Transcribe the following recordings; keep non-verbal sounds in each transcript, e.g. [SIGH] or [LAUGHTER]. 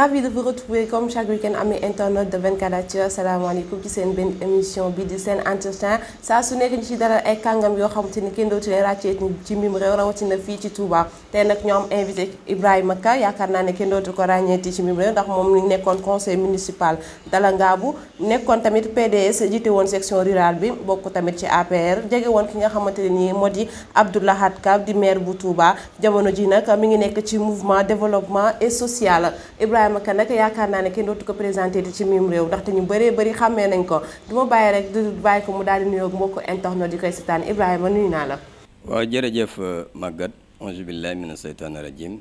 ravi de vous retrouver comme chaque week-end ami internaute de 24actu asalaamaaleykum ci seen benn émission bi di seen entretien saa su nekk ñu ci dara ay kàngam yoo xamante ni kenn dootu leen ràccee ci mbim réew rawatina fii ci Touba tey nag ñoo am invité Ibrahima Ka yaakaar naa ne kenn dootu ko ràññeeti ci mbim réew ndax moom ñu nekkoon conseil municipal dalangaabu nekkoon tamit PDS jiite woon section rural bi bokk tamit ci APR jege woon ki nga xamante ne nii moo di Abdou Lahad Ka di maire bu Touba jamono ji nag mi ngi nekk ci mouvement développement et social Ibrahima Kane nag yaakaar naa ne kenn dootu ko présenté di ci mim réew ndaxte ñu bëree bëri xàmmee nañ ko du ma bàyyi rek du bàyyi ko mu daal di nuyoo mbokk internet di koy seetaan Ibrahima nuyu naa la. waaw jërëjëf euh, Maguette auzu billaahi mina seytaani rajiim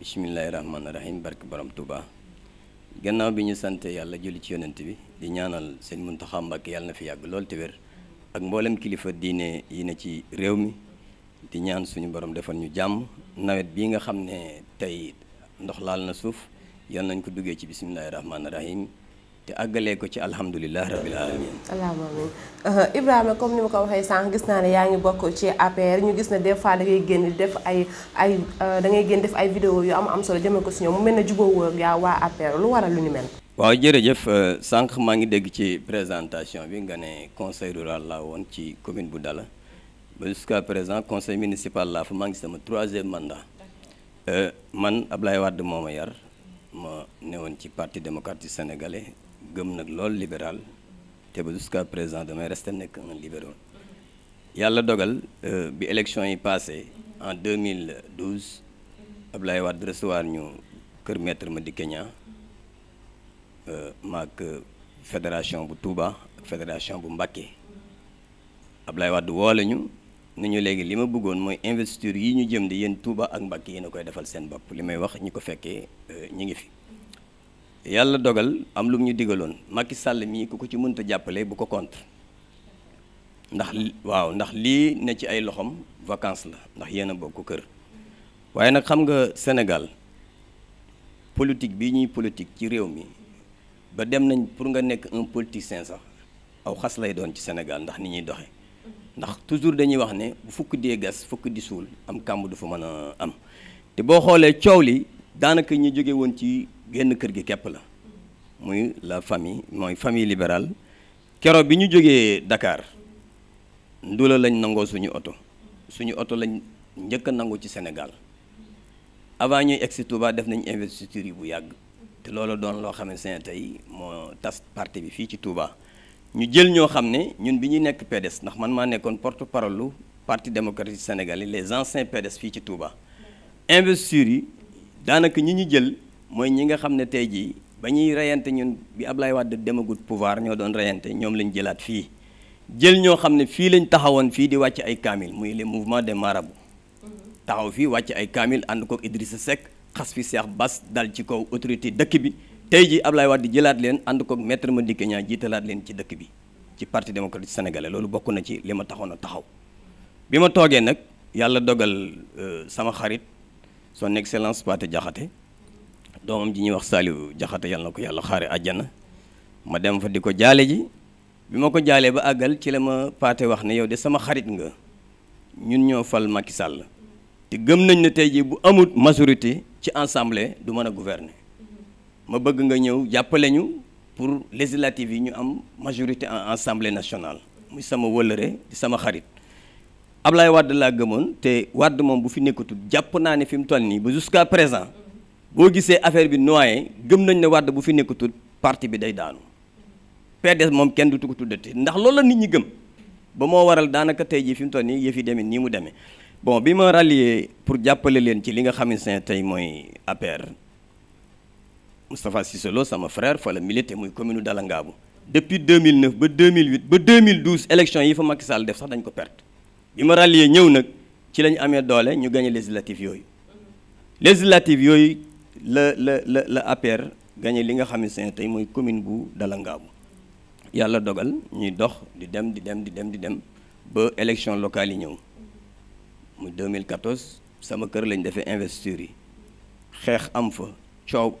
bismillaahi rahmaani rahiim barke borom Touba. gannaaw bi ñu sant yàlla julli ci yonent bi di ñaanal seen Muntaxa Mbàkke yàlla na fi yàgg lool te wér ak mboolem kilifa diine yi ne ci réew mi di ñaan suñu borom defal ñu jàmm nawet bii nga xam ne tey ndox laal na suuf yal nañ ko duggee ci bisimilahi rahmaani rahim te àggalee ko ci alhamdulilah rabil alamin allahumma amin Ibrahima comme ni ma ko waxee sànq gis naa ne yaa ngi bokk ci APR ñu gis ne des fois da ngay génn def ay ay euh, da ngay génn def ay vidéo yu am am solo jëmee ko si ñoom mu mel ne juboo ak yaa waa APR lu waral lu ni mel. waaw jërëjëf euh, sànq maa ngi dégg ci présentation bi nga ne conseil rural laa woon ci commune bu Dala ba jusqu'à présent conseil municipal laa fa maa sama troisième mandat euh, man Ablaye Wade moo ma yar. ma newoon ci parti démocratique sénégalais gëm nag lool libéral te ba jusqu'à présent damay resté nekk un libéro yàlla dogal euh, bi élection yi passé en 2012 Ablaye Wade recevoir ñu kër maître Madické Niang maak euh, fédération bu Touba fédération bu Mbacké Ablaye Wade woole ñu nañu léegi li ma bëggoon mooy investiture yi ñu jëm di yéen Touba ak Mbàkke yéen a koy defal seen bopp li may wax ñi ko fekkee euh, ñi ngi fi yàlla dogal am lu ñu digaloon Macky sàll mii ku ko ci mënta jàppale bu ko contre ndax waaw ndax lii ne ci ay loxoom vacance la ndax yenn a bokk kër waaye nag xam nga Sénégal politique bii ñuy politique ci réew mi ba dem nañ pour nga nekk un politicien sax aw xas lay doon ci Sénégal ndax ni ñuy doxee ndax toujours dañuy wax ne bu fukk dee gas fukk di suul am kàmb du fa mën a am te boo xoolee coow li daanaka ñu jóge woon ci genn kër gi képp la muy la famille mooy famille libérale kero bi ñu jógee dakaar ndula lañ nangoo suñu oto suñu oto lañ njëkk a nangu ci senegal avant ñuy egsi Touba def nañ investiture yi bu yàgg te loolu doon loo xamante ne tey moo tas parti bi fii ci Touba ñu jël ñoo xam ne ñun bi ñuy nekk PDS ndax man maa nekkoon porte parole lu parti démocratique sénégalais les anciens pedes fii ci Touba. investiture yi daanaka ñi ñu jël mooy ñi nga xam ne tey jii ba ñuy reyante ñun bi Ablaye Wade demagut pouvoir ñoo doon reyante ñoom lañ jëlaat fii. jël ñoo xam ne fii lañ taxawoon fii di wàcc ay kaamil muy le mouvement des marabouts taxaw fii wàcc ay kaamil ànd ko Idrissa Seck xas fi Cheikh Bass dal ci kaw autorité dëkk bi. tey ji Ablaye di jëlaat leen ànd koog maître Madické Niang jiitalaat leen ci dëkk bi ci parti démocratique sénégalais loolu bokk na ci li ma taxoon a taxaw bi ma toogee nag yàlla dogal euh, sama xarit son excellence Pathé Diakhaté doomam ji ñuy wax Saliou jaxate yàlla na ko yàlla xaare àjjana ma dem fa di ko jaale ji bi ma ko jaalee ba àggal ci la ma Pathé wax ne yow de sama xarit nga ñun ñoo fal Macky Sall te gëm nañ ne tey jii bu amul majorité ci assemblée du mën a gouverner ma bëgg nga ñëw jàppale ñu pour législative yi ñu am majorité en assemblée nationale muy sama wëlëre di sama xarit Ablaye Wade laa gëmoon te wadd moom bu fi nekkatul jàpp naa ne fi mu toll nii ba jusqu'à présent boo gisee affaire bi noyé gëm nañ ne Wade bu fi nekkatul parti bi day daanu PDS moom kenn du ko tuddati ndax loolu la nit ñi gëm ba moo waral daanaka tey jii fi mu toll nii yëf fi demee nii mu demee bon bi ma rallier pour jàppale leen ci li nga xamante ne tey mooy APR. Moustapha Cissé Lo sama frère fa la milité muy commune u Dalla Ngaabu depuis 2009 ba 2008 ba 2012 élection yi fa Macky Sall def sax dañ ko perte bi ma rallier ñëw nag ci la ñu amee doole ñu gagné législative yooyu législative yooyu la la la la APR li nga xam ne tey muy commune bu dala Ngaabu yàlla dogal ñuy dox di dem di dem di dem di dem ba élection locale yi ñëw muy 2014 sama kër lañ defee investiture yi xeex am fa coow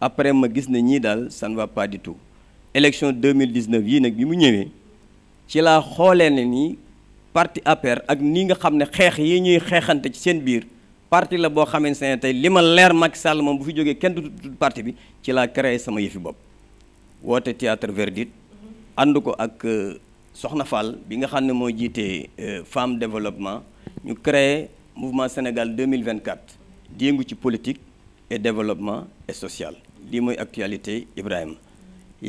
après ma gis ne ñii daal ça ne va pas du tout élection 2019 yii nag bi mu ñëwee ci laa xoolee ne nii parti APR ak ni nga xam ne xeex yi ñuy xeexante ci seen biir parti la boo xamante ne tey li ma leer mag Sall moom bu fi jógee kenn du tudd parti bi ci laa créé sama yëfi bopp woote théâtre verdite ànd ko ak euh, Soxna Fall bi nga xam ne moo jiitee euh, femme développement ñu créé mouvement Sénégal 2024 di yëngu ci politique et développement et social lii mooy actualité Ibrahima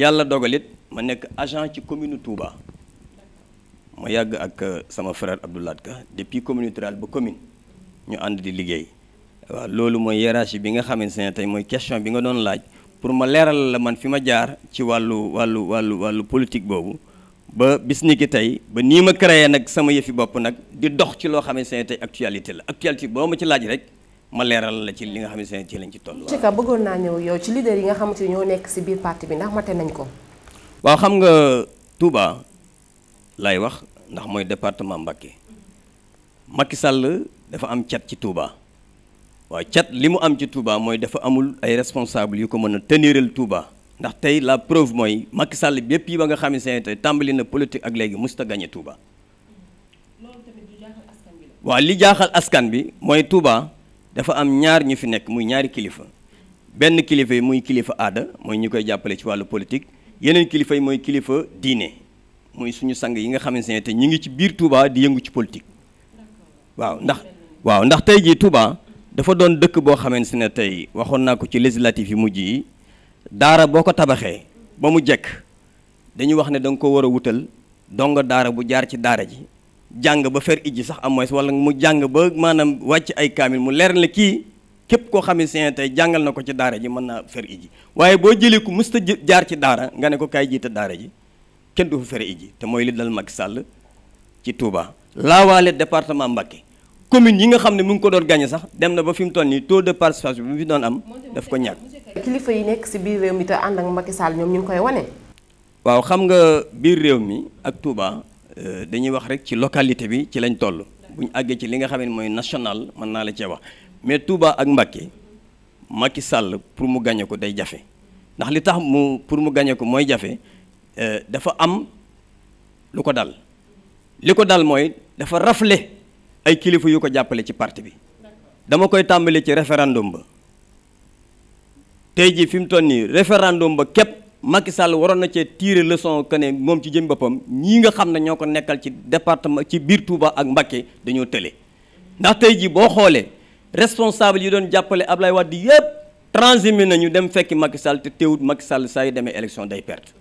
yàlla dogalit ma nekk agent ci commune Touba ma yàgg ak euh, sama frère abdulaatka depuis commune rurale ba commune ñu ànd di liggéey waaw loolu mooy hiérarchie bi nga xamante ne tey mooy question bi nga doon laaj pour ma leeral la man fi ma jaar ci wàllu wàllu wàllu wàllu politique boobu ba bis ni tey ba nii ma créer nag sama yëfi bopp nag di dox ci loo xamante ne tey actualité la actualité boo ma ci laaj rek ma leeral la ci li nga xamante ne te lañ ci toll. ci ka bëggoon naa ñëw yow ci leader yi nga ne ñoo nekk ko. waaw xam nga Touba lay wax ndax mooy département Mbacké Macky Sall dafa am cat ci Touba waaw cat li mu am ci Touba mooy dafa amul ay responsable yu ko mën a teniral Touba ndax tey la preuve mooy Sall bépp yi ba nga xamante ne tey tàmbali na politique ak léegi musta gagné Touba. waaw li jaaxal askan bi mooy Touba. dafa am ñaar ñu fi nekk muy ñaari kilifa benn kilifa yi muy kilifa aada mooy ñi koy jàppale ci wàllu politique yeneen kilifa yi mooy kilifa diine muy suñu sang yi nga xamante ne te ñu ngi ci biir Touba di yëngu ci politique waaw ndax waaw ndax tey jii Touba dafa doon dëkk boo xamante ne tey waxoon naa ko ci législative yi mujj yi daara boo ko tabaxee ba mu jekk dañu wax ne da nga ko war a wutal donga daara bu jaar ci daara ji jàng ba fer ijji sax am mooy wala mu jàng ba maanaam wàcc ay kaamil mu leer ne kii képp koo xam ne seen tey jàngal na ko ci daara ji mën naa fer ijji waaye boo jëlee ko mës ta jaar ci daara nga ne ko kaay jiite daara ji kenn du fa fer ijji te mooy li dal Macky sàll ci Touba. laawaale département Mbacké commune yi nga xam ne mu ngi ko doon gagné sax dem na ba fi mu nii taux de participation bi mu fi doon am daf ko ñàkk. kilifa yi nekk si biir réew te ànd ak Macky Sall ñoom ñu ngi koy wane. waaw xam nga biir réew mi ak Touba. Euh, dañuy wax rek ci localité bi ci lañ toll bu àggee ci li nga xam ne mooy national mën naa la cee wax mais Touba ak Mbacké Macky Sall pour mu gañe ko day jafe ndax li tax mu pour mu gañe ko mooy jafe euh, dafa am lu ko dal li ko dal mooy dafa rafle ay kilifa yu ko jàppale ci parti bi dama koy tàmbali ci référendum ba tey jii fi mu toll nii référendum ba képp Macky Sall waroon na cee tirer leçon que ne moom ci jëm boppam ñii nga xam ne ñoo ko nekkal ci département ci biir Touba ak Mbacké dañoo tële ndax tey jii boo xoolee responsable yi doon jàppale Ablaye Wade yëpp transhumé nañu dem fekki Macky Sall te teewut Macky Sall saa yu demee élection day perte.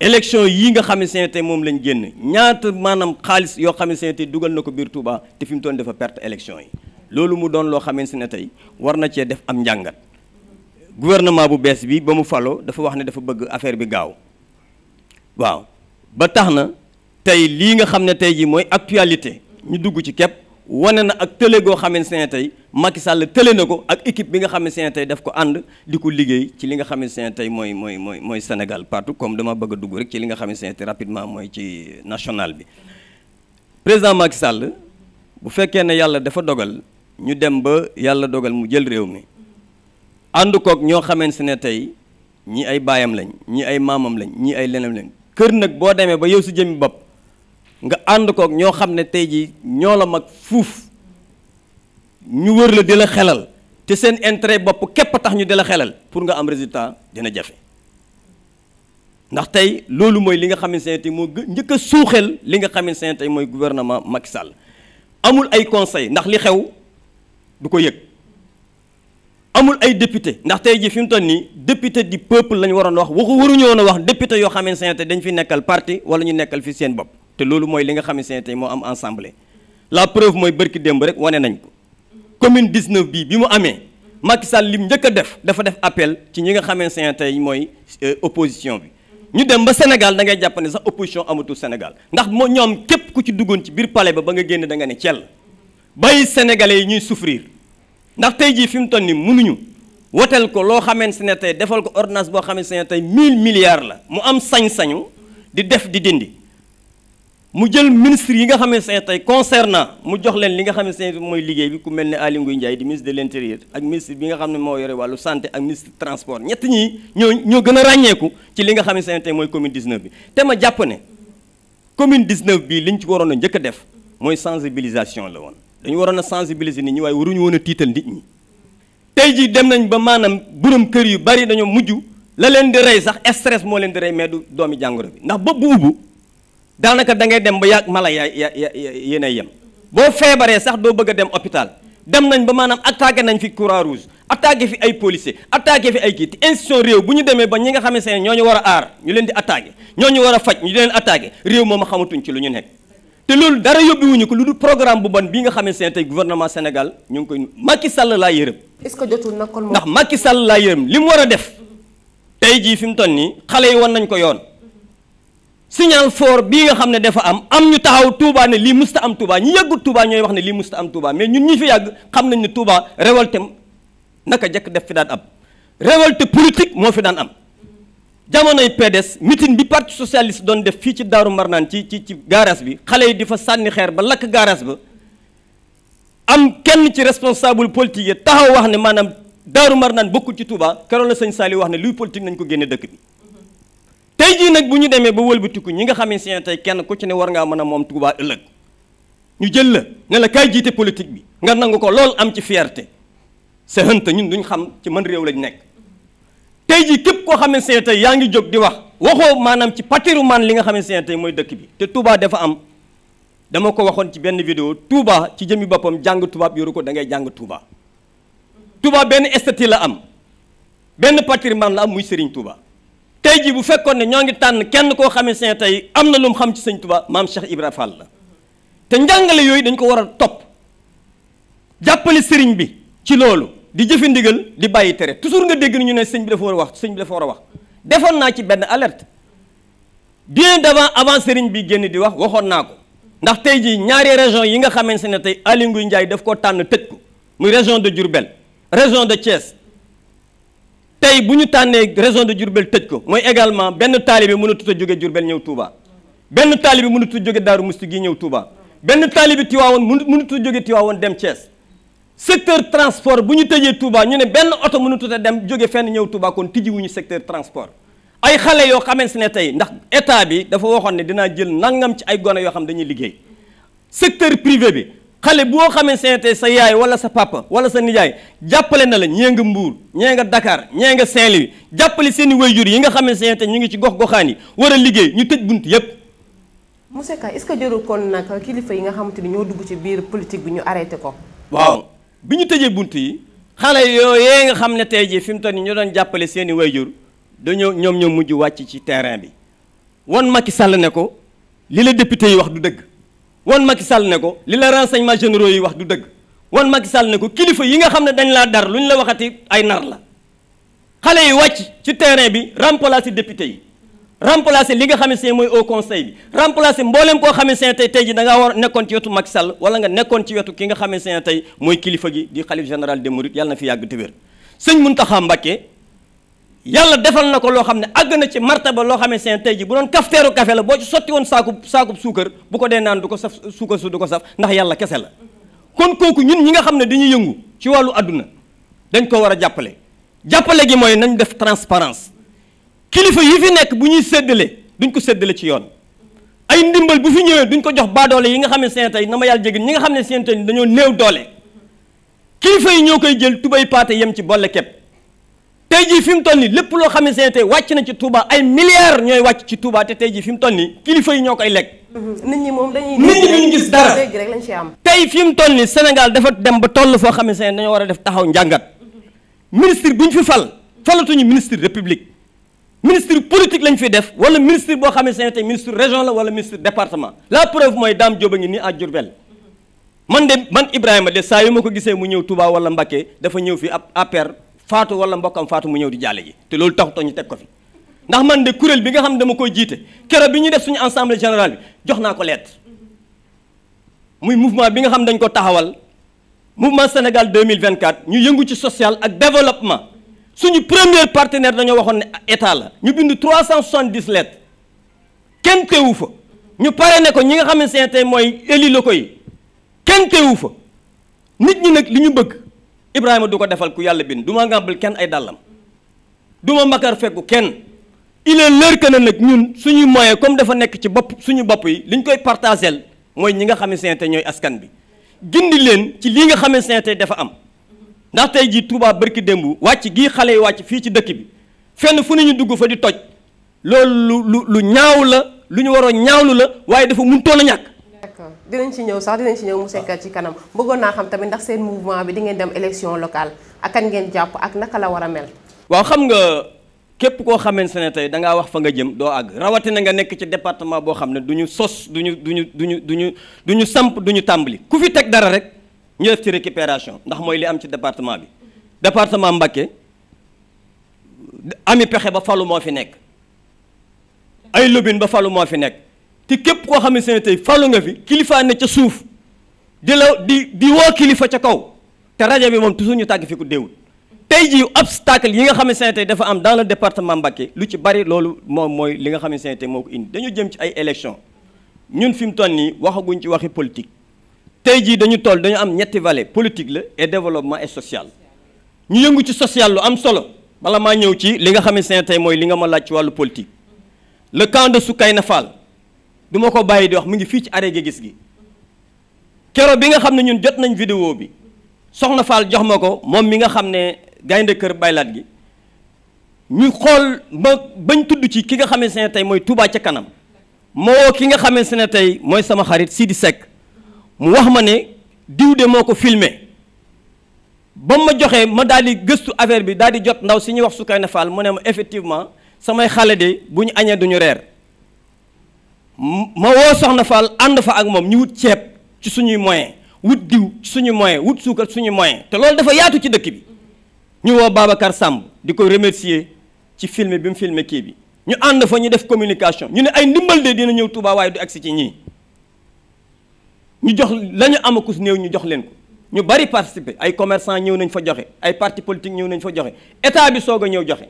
élection yii nga xam ne tey moom lañ génn ñaata maanaam xaalis yoo xam ne tey dugal na ko biir Touba te fi mu toon defa perte élection yi loolu mu doon loo xamante ne tey war na cee def am njàngat. gouvernement bu bees bi ba mu faloo dafa wax ne dafa bëgg affaire bi gaaw waaw ba tax na tey lii nga xam ne tey jii mooy actualité ñu dugg ci képp wane na ak tële goo xamante ne tey Macky Sall tële na ko ak équipe bi nga xamante ne tey daf ko ànd di ko liggéey ci li nga xamante ne tey mooy mooy mooy mooy Sénégal partout comme dama bëgg dugg rek ci li nga xamante ne tey rapidement mooy ci national bi président Macky Sall bu fekkee ne yàlla dafa dogal ñu dem ba yàlla dogal mu jël réew mi. ànd koog ñoo xamante ne tey ñii ay baayam lañ ñii ay maamam lañ ñii ay leneen lañ kër nag boo demee ba yow si jëmi bopp nga ànd kook ñoo xam ne tey jii ñoo la mag fuuf ñu wër la di la xelal te seen intérêt bopp képp tax ñu di la xelal pour nga am résultat dina jafe ndax tey loolu mooy li nga xamante ne tey moo njëkk a suuxel li nga xamante ne tey mooy gouvernement mag sàll amul ay conseil ndax li xew du ko yëg amul ay député ndax tey jii fi mu toll nii député du peuple la ñu waroon wax waxu waruñu woon a wax député yoo xamante ne dañ fi nekkal parti wala ñu nekkal fi seen bopp te loolu mooy li nga xamante ne tey moo am assemblée la preuve mooy bërki démb rek wane nañ ko commune 19 bii bi mu amee Macky Sall lim njëkk a def dafa def appel ci ñi nga xamante ne tey mooy euh, opposition bi ñu dem ba Sénégal dangay ngay jàpp ne sax opposition amatul Sénégal ndax moo ñoom képp ku ci duggoon ci biir palais ba ba nga génn da ne cell bàyyi sénégalais yi ñuy souffrir ndax tey jii fi mu toll nii mënuñu woteel ko loo xamante ne tey defal ko ordinance boo xamante ne tey mill milliards la mu am sañ-sañu di def di dindi mu jël ministre yi nga xamante ne tey concernant mu jox leen li nga xamante ne mooy liggéey bi ku mel ne Aly Ngouille Ndiaye di ministre de l'intérieur ak ministre bi nga xam ne moo yore wàllu santé ak ministre transport ñett ñi ñoo ñoo gën a ràññeeku ci li nga xamante ne tey mooy commune 19 bi te ma jàpp commune 19 bii liñ ci waroon a njëkk a def mooy sensibilisation la woon. dañu waroon a sensibiliser ni ñi waaye waruñu woon a tiital nit ñi tey jii dem nañ ba maanaam borom kër yu bari dañoo mujj la leen di rey sax stress moo leen di rey mais du doomi jàngoro bi ndax bopp bu ubbu daanaka da ngay dem ba yàgg mala yaa ya yéen ay yem boo feebaree sax doo bëgg a dem hôpital dem nañ ba maanaam attaqué nañ fi croix rouge attaqué fi ay policiers attaqué fi ay kii te réew bu ñu demee ba ñi nga xamante ne ñoo ñu war a aar ñu leen di attaqué ñoo ñu war a faj ñu leen attaqué réew moom xamatuñ ci lu ñu nekk. te loolu dara yóbbiwuñu ko lu dul programme bu bon bi nga xamante ne tey gouvernement Sénégal ñu ngi koy Macky Sall laa yërëm. est-ce que jotul nag kon moom ndax Macky Sall laa yërëm li mu war a def tey jii fi mu toll nii xale yi wan nañ ko yoon signal fort bii nga xam ne dafa am am ñu taxaw Touba ne lii musta am Touba ñi yàggut Touba ñooy wax ne lii musta am Touba mais ñun ñi fi yàgg xam nañ ne Touba révolte naka jëkk def fi daan am révolte politique moo fi daan am. jamonoy PDS meeting bi parti socialiste doon def fii ci Daaru Marnaan ci ci ci garage bi xale yi di fa sànni xeer ba lakk gaaraas ba am kenn ci responsable politique yi taxaw wax ne maanaam Daaru Marnaan bokkul ci Touba keroog la sëñ saali wax ne luy politique nañ ko génne dëkk bi tey jii nag bu ñu demee ba wëlbatiku ñi nga xamee seen tey kenn ku ci ne war ngaa mën a moom Touba ëllëg ñu jël la ne la kaay jiite politique bi nga nangu ko lool am ci fierté sa hënta ñun duñ xam ci mën réew lañ nekk tey jii képp koo xamante ne tey yaa ngi jóg di wax waxoo maanaam ci patrimoine li nga xamante ne tey mooy dëkk bi te Touba dafa am dama ko waxoon ci benn vidéo Touba ci jëmi boppam jàng tubaab yoru ko da ngay jàng Touba benn estati la am benn patrimoine la am muy Serigne Touba tey jii bu fekkoon ne ñoo ngi tànn kenn koo xamante ne tey am na lu mu xam ci sëñ Touba maam Cheikh Ibra Fall la te njàngale yooyu dañ ko war a topp jàppale Serigne bi ci loolu di jëfe ndigal di bàyyi tere toujours nga dégg ni ñu ne sëñ bi dafa war a wax sëñ bi dafa war a wax defoon naa ci benn alerte bien d'avant avant sëriñ bi génn di wax waxoon naa ko ndax tey jii ñaari région yi nga xamante ne tey Aly Ngouille Ndiaye daf koo tànn tëj ko muy région de Diourbel région de Thiès tey bu ñu tànnee région de jurbel tëj ko mooy également benn taalibe mënatut a jóge Diourbel ñëw Touba benn taalibe mënatut a jóge Daaru Musti gi ñëw Touba benn taalibe Tiwaawoon mënatut a jóge Tiwaawoon dem Thiès secteur transport bu ñu tëjee Touba ñu ne benn oto mënatut a dem jóge fenn ñëw Touba kon tijjiwuñu secteur transport ay xale yoo xamante ne tey ndax état bi dafa waxoon ne dinaa jël nangam ci ay gone yoo xam dañuy liggéey secteur privé bi xale boo xamante ne tey sa yaay wala sa papa wala sa nijaay jàppale na la ñee nga Mbuur ñee nga dakaar ñee nga saint jàppale seen i jur yi nga xamante ne tey ñu ngi ci gox goxaan yi war a liggéey ñu tëj bunt yépp monsieur Ka est-ce que jëru kon nag kilifa yi nga xamante ni ñoo dugg ci biir politique bi ñu arrêté ko waaw bi ñu tëjee bunt yi xale yooyee nga xam ne tey jii fi mu toll nii ñu doon jàppale seeni i wayjur dañoo ñoom ñoo mujj wàcc ci terrain bi wan Macky Sall ne ko li la député yi wax du dëgg wan Macky Sall ne ko li la renseignement généraux yi wax du dëgg wan Macky Sall ne ko kilifa yi nga xam ne dañ laa dar lu ñu la waxati ay nar la xale yi wàcc ci terrain bi remplacer député yi remplacer li nga xam ne seen mooy au conseil bi remplacer mboolem koo xam ne seen tey tey ji da ngaa war nekkoon ci wetu Macky Sall wala nga nekkoon ci wetu ki nga xam ne seen tey mooy kilifa gi di xalif général des mourides yàlla na fi yàgg te wér sëñ Mountakha Mbacké yàlla defal na ko loo xam ne àgg na ci ba loo xam ne seen tey ji bu doon kafteeru café la boo ci sotti woon saaku saakub suukar bu ko dee naan du ko saf suukar su du ko saf ndax yàlla kese la kon kooku ñun ñi nga xam ne dañuy yëngu ci wàllu àdduna dañ ko war a jàppale jàppale gi mooy nañ def transparence kilifa yi fi nekk bu ñuy seddalee duñ ko séddale ci yoon ay ndimbal bu fi ñëwee duñ ko jox baa doole yi nga xam ne seen tey na ma yàlla jéggal ñi nga xam ne seen tey dañoo néew doole kilifa yi ñoo koy jël tubay paate yem ci bolle tey jii fi mu toll nii lépp loo xam ne seen wàcc na ci Touba ay ñooy wàcc ci Touba te tey jii fi mu toll nii kilifa yi ñoo koy lekk. Mm-hmm. nit ñi moom dañuy nit ñi duñ gis dara tey fi mu toll nii Sénégal dafa dem ba toll foo xam ne seen dañoo war a def taxaw njàngat ministre bu ñu fi fal falatuñu ministre république ministre politique lañu fi def wala ministre boo xam ne tey ministre région la wala ministre département la preuve mooy Dame Diop a ngi nii à Diourbel man de man Ibrahima de saa yu ma ko gisee mu ñëw Touba wala Mbacké dafa ñëw fi ab APR faatu wala mbokkam faatu mu ñëw di jàlle ji te loolu taxutoo ñu teg ko fi ndax man de kuréel bi nga xam ne dama koy jiite keroog bi ñuy def suñu assemblée générale bi jox naa ko lettre muy mouvement bi nga xam dañ ko taxawal mouvement Sénégal 2024 ñu yëngu ci social ak développement suñu premier partenaire dañoo waxoon ne état la ñu bind 370 lettres kenn teewu fa ñu pare ne ko ñi nga xam ne seen tey mooy éli la koy kenn teewu fa nit ñi nag li ñu bëgg Ibrahima du ko defal ku yàlla bind du ma ngàmbal kenn ay dàllam duma ma makar fekku kenn il est na que nag ñun suñu moyen comme dafa nekk ci bopp suñu bopp yi li ñu koy partagel mooy ñi nga xam ne seen tey ñooy askan bi gindi leen ci li nga xam ne seen tey dafa am ndax tey jii Touba barki démb wàcc gii xale yi wàcc fii ci dëkk bi fenn fu ñu dugg fa di toj loolu lu lu ñaaw la lu ñu waroon ñaawlu la waaye dafa mënutoon a ñàkk. d'accord dinañ ci ñëw sax dinañ ci ñëw mu sekkat ci kanam bëggoon naa xam tamit ndax seen mouvement bi di ngeen dem élection locale ak kan ngeen jàpp ak naka la war a mel. waaw xam nga képp koo xamante ne tey da ngaa wax fa nga jëm doo àgg rawatina nga nekk ci département boo xam ne du ñu sos du du ñu du ñu du ñu du ñu samp du ñu tàmbali ku fi teg dara rek. ñu def ci récupération ndax mooy li am ci département bi département Mbacké ami pexe ba falu moo fi nekk ay lobin ba falu moo fi nekk te képp koo xam ne seen tey falu nga fi kilifaa ne ca suuf di la di di waa kilifa ca kaw te rajo bi moom toujours ñu tàgg fi ku déewul tey jii obstacle yi nga xam ne seen tey dafa am dans le département Mbacké lu ci bari loolu moom mooy li nga xam ne seen tey moo ko indi dañu jëm ci ay élection ñun fi mu toll nii waxaguñ ci waxi politique tey jii dañu tool dañu am ñetti volets politique la et développement et social ñu yëngu ci social lu am solo bala maa ñëw ci li nga xam ne tey mooy li nga ma laaj ci wàllu politique le camp de Soukayna Fall du ko bàyyi di wax ngi fii ci arrêt gis gi kero bi nga xam ne ñun jot nañ vidéo bi soxna Fall jox ma ko moom mi nga xam ne gaynde kër baylaat gi ñu xool ba bañ tudd ci ki nga xamante ne tey mooy Touba ca kanam moo ki nga xamante ne tey mooy sama xarit si di Seck mu wax ma ne diw de moo ko filme ba ma joxee ma daal di gëstu affaire bi daal di jot ndaw si ñuy wax Soukeyna Fall mu ne ma effectivement samay xale de bu ñu añee duñu reer ma woo Soxna Fall ànd fa ak moom ñu wut ceeb ci suñuy moyen wut diw ci suñuy moyen wut suukar suñuy moyen te loolu dafa yaatu ci dëkk bi ñu woo Babacar Samb di ko remercier ci filme bi mu filme kii bi ñu ànd fa ñu def communication ñu ne ay ndimbal de dina ñëw Touba waaye du agsi ñii ñu jox la ñu am akus néew ñu jox leen ko ñu bari participer ay commerçant ñëw nañ fa joxe ay parti politique ñëw nañ fa joxe état bi soog a ñëw joxe.